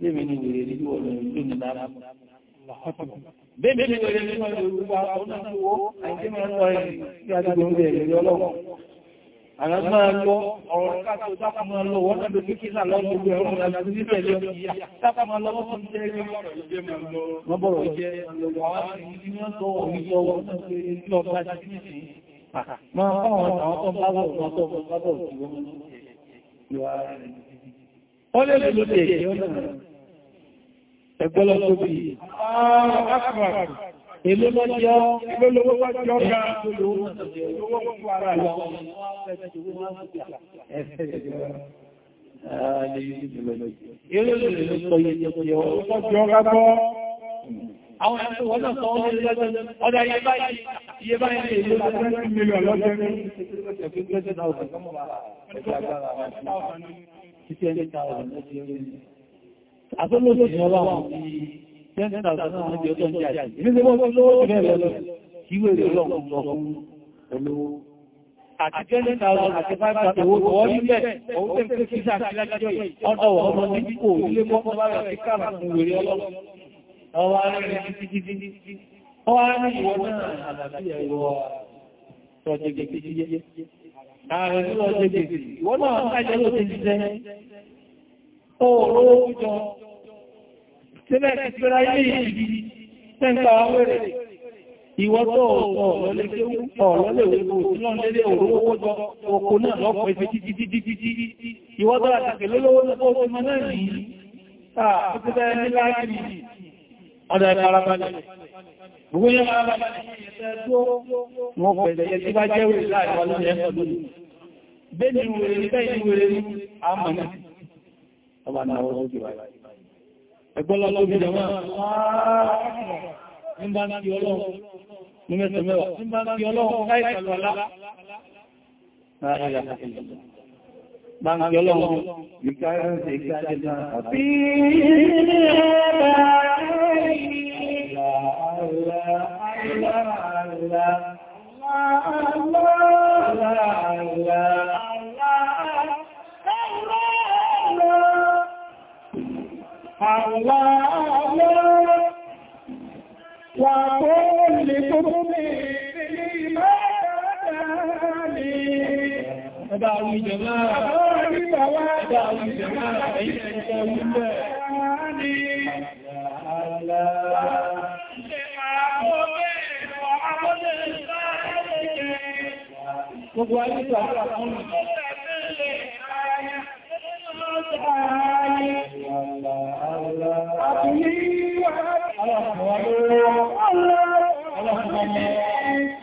lémi ní wèrè ní ìwọ̀n lórí ní lára bẹ́ẹ̀ ni wèrè ní àwọn máa ọ̀rọ̀ káàkiri ọlẹ́lẹ́ ló lè jẹ́ ọ̀nà ẹgbọ́lọ́ tó bí èlò lọ́jọ́ ìgbólówó wájú ọ̀gá olówó fún ara lọ Èlò lè Àtọ́lọ́sí ọlọ́run Àti 5,000 owó kọ̀ọ́ nílẹ̀, ọwọ́ tẹ́ fẹ́ kí sáà sí ọmọ ní kò ilé mọ́ bá rẹ̀ sí fún wèrè ọlọ́run. Ọwọ́ arẹ́rẹ́ ààrẹ tó lọ ṣe gbèsè ìwọ́n náà kájẹ́ ló ti jẹ́ oòrò òjò sílẹ̀ ti pẹ́ra ilé ìbí tẹ́ǹkà wẹ́rẹ̀ ìwọ́ tó ọ̀tọ̀ lọ́lẹ́gbẹ̀ẹ́ ọ̀lọ́lẹ́wẹ̀ẹ́ ọdá ìfarabalẹ̀. Gbogbo yẹ́ farabalẹ̀ ní ẹ̀ṣẹ́ tó wọ́n pẹ̀lẹ̀ yẹ tí bá jẹ́ wèrè láàrin wọn lórí ẹ̀fọ́ lórí. Bẹ́ẹ̀ni wèrè ní bẹ́ẹ̀ni wèrè ní àmà náà. Ọba náà wọ́n lókè wáyé. Ẹgbọ́lọ́ lóbi jẹ máa ń bá ní ọlọ́run ní mẹ́sàn-án mẹ́wàá. Ń bá ní ọlọ́run láìsàlọ́lá. Báńkọ́lọ́run, ìkáyọ̀ sí ìkájẹ́ta àti ilé ẹ̀bá Allah, Allah, wa kulli kulli Ẹgbà àwọn ìjẹ̀mọ́ Ẹgbà àwọn ìjẹ̀mọ́ Ẹ̀yìn ẹ̀ṣẹ̀ wílẹ̀. Ní àlàálà. Ṣé àwọn ọmọ ọmọ Gbogbo ayé tó àwọn àwọn ọmọ. Àlàálà. Àlàálà.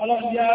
Ìjọba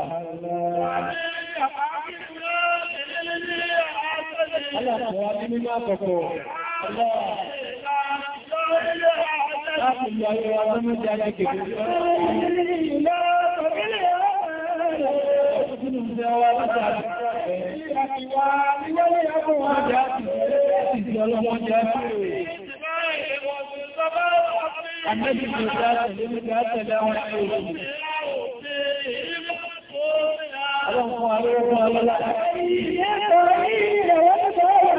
aláàtọ̀ àti nínú àkọ̀kọ̀ láti lọ ayọ́ agbọ́mọ́dé alágbègbè Àmẹ́bí ti dá tẹ̀lé ní ká tẹ̀lé àwọn ẹ̀rọ. Ọlọ́run fún àwọn ọmọ ọlọ́lá. Ìyẹ́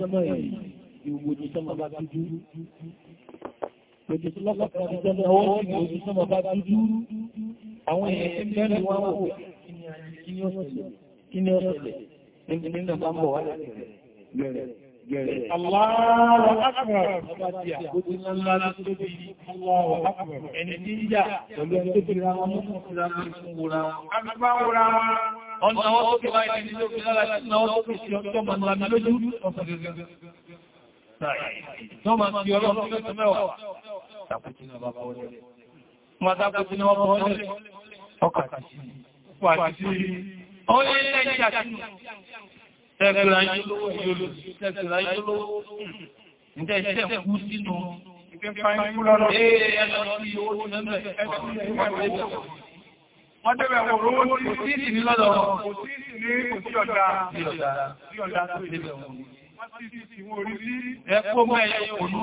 sọ́mọ̀ yìí ìwòjì sọ́mọ̀ bá dúdú òjì lọ́pàá ti jẹ́ ọwọ́ sí òjì sọ́mọ̀ bá dúdú àwọn èèyàn tí mẹ́rin wá wò kí ni ọ̀sẹ̀lẹ̀ gẹ̀rẹ̀. Allahu akbar. Ọba ti àkójú ńlá láti tó bí Allahu akbar. Ẹni tí ń jà pẹ̀lú ẹni tó bíra wọn mú fúnra wọn fún wúra wọn. Agbá wúra wọn. Ọ̀nà ọwọ́ tó kí báyìí ní lókè lára tí náà tó fi ṣe ọjọ́ mọ̀ lámi lójú Tọ́mà ti ọlọ́pọ̀ mẹ́ta mẹ́wàá. Tàkùtì náà bá bọ́ lẹ́. Wọ́n tàkùtì náà bọ́ lẹ́. Ọkà sí. Wà sí. Ó lé lẹ́yìn àti tẹ́gbẹ̀rẹ̀ ayé lówó ẹ̀yọ́ lò sí tẹ́gbẹ̀rẹ̀ ayé lówó ǹjẹ́ iṣẹ́ kú sínú Wọ́n tẹ́bẹ̀ wọ̀ rówó ní sí ní lọ́dọ̀ kò sí ní kò sí ọ̀dá sí ọ̀dá tó ìlẹ̀ wọn. Wọ́n sí sí ìwọ̀n orí sí ẹkó mẹ́ ònú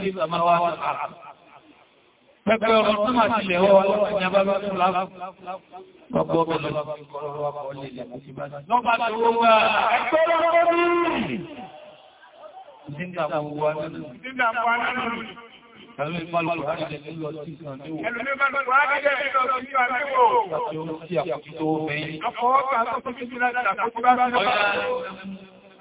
ẹkó mẹ́. Pẹ̀pẹ̀ ọ̀rọ̀ tó máa ti lẹ̀ wọ́wọ́ ní abábá fún láàpù. Ọgbọ́ ọgbọ́ ọgbọ́ ọgbọ́ lè lè mú sí bá. Lọ́pàá tó wọ́n wá ẹgbẹ́ lọ́pọ̀ ní. Ìdínlẹ̀ àwọn wọ́n wá nínú. Ìdínlẹ̀ àwọn wọ́n wá nínú. Ẹlú ìpàlù àrídẹ̀ nílọ sí ìsàn ní òun. Ẹlú ìpàlù àrídẹ̀ nílọ sí ìsàn ní òun. Àti orú sí àkókò tó mẹ́yìn. Ọkọ̀ ọkọ̀ àkókò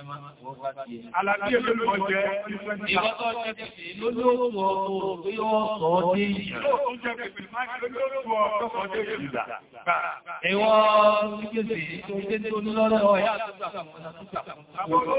Àlàbí olóòwò jẹ́ ìwọ́tọ́ jẹ́ pẹ̀lú ọkọ̀ pé ó sọ dé ìyà. Ó jẹ́ pẹ̀lú máa kí olóòwò ọkọ̀ dé ìyà. Ìwọ́ kíkèsè tó jẹ́ tó ní lọ́rọ̀ ọ̀yá àtúgbà. Àwọn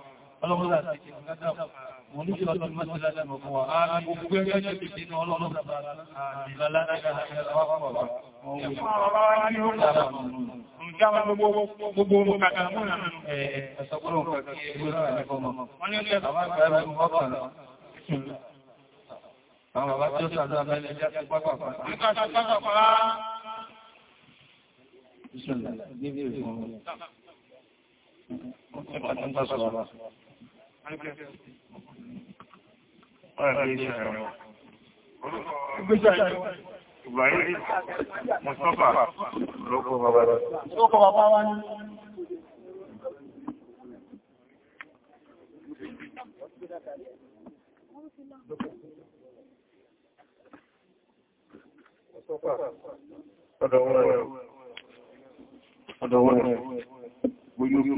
ọlọ́mọdá àti ìgbàgbà wọn ní ṣílọ́tọ̀ mọ́sílẹ́lẹ́ mọ̀kún wa á ní gbogbo ẹgbẹ́ jẹ́ pìtì ní ọlọ́mọdá àti ìlàlára Àwọn bàbá tí ó sàdọ́ abẹ́lẹ̀ jẹ́ pẹ́ pàpàpàá. Ìkàtà pàpàpàá. Ìṣòlẹ̀, níbi ìrìn ọmọ. Ó tẹ́ pàtàkì sọ́rọ̀. Ìgbàyé Mùsọ́fà lókò bàbá rẹ̀. Lókò bàbá wá ní. Mùsọ́fà ọ̀dọ̀ wọ́n rẹ̀. Ọ̀dọ̀ wọ́n rẹ̀. Gbóyókè.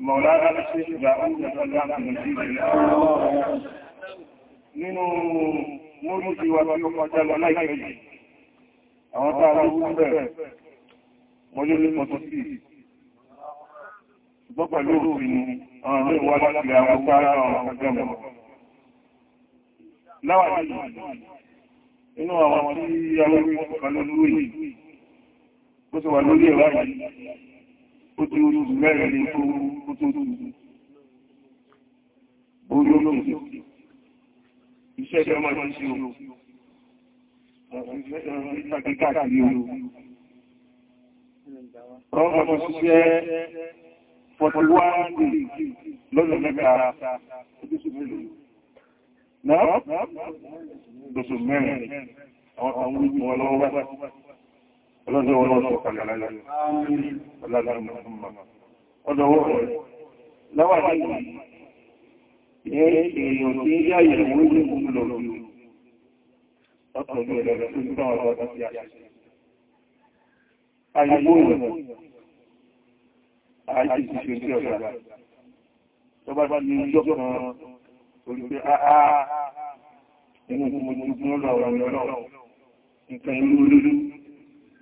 مولانا الشيخ باعون نسلام المسيح nínú múrùsí wa tí ó kọjá lọ láìpẹ́ yìí àwọn tààrà ó bẹ̀rẹ̀ mọ́lé ní pọ̀tọ́sí ṣùgbọ́n pẹ̀lú òfin àwọn ilé wà láti àwọn tààrà àwọn ọjọ́mọ̀ láwàá nínú àwọn tí àwọn ìwọ̀n kan lórí ó ti orí mẹ́rin lè tó ó tó rí orí olóòsì iṣẹ́ ìjọ máa ṣe o ìtàkìkàkì o ọmọ tó ṣiṣẹ́ 41 days lọ́dọ̀ mẹ́ta ojúṣù mẹ́rin náà lọ́sùn mẹ́rin àwọn ọmọ ìgbìmọ̀ lọ́wọ́ ọlọ́dún wọn lọ́sọ̀ kàlẹ̀ lálẹ́ ọlọ́dún mọ̀ ọdọ̀ wọ́n rẹ̀ lọ́wà ní èèyàn tí yá ìrìnwó ní ìlú lọ́rọ̀ ọ̀tọ̀lú ẹ̀rẹ̀ tó ń bá ọ̀rọ̀ sí àṣẹ ayébó ìrìnwó ààyè ti ṣe sí ọ̀gá tó bá ní ọjọ́ kan orí pé àà inú gbogbo gbogbo lọ́rọ̀ ọ̀rọ̀ nǹkan ìlú olúlú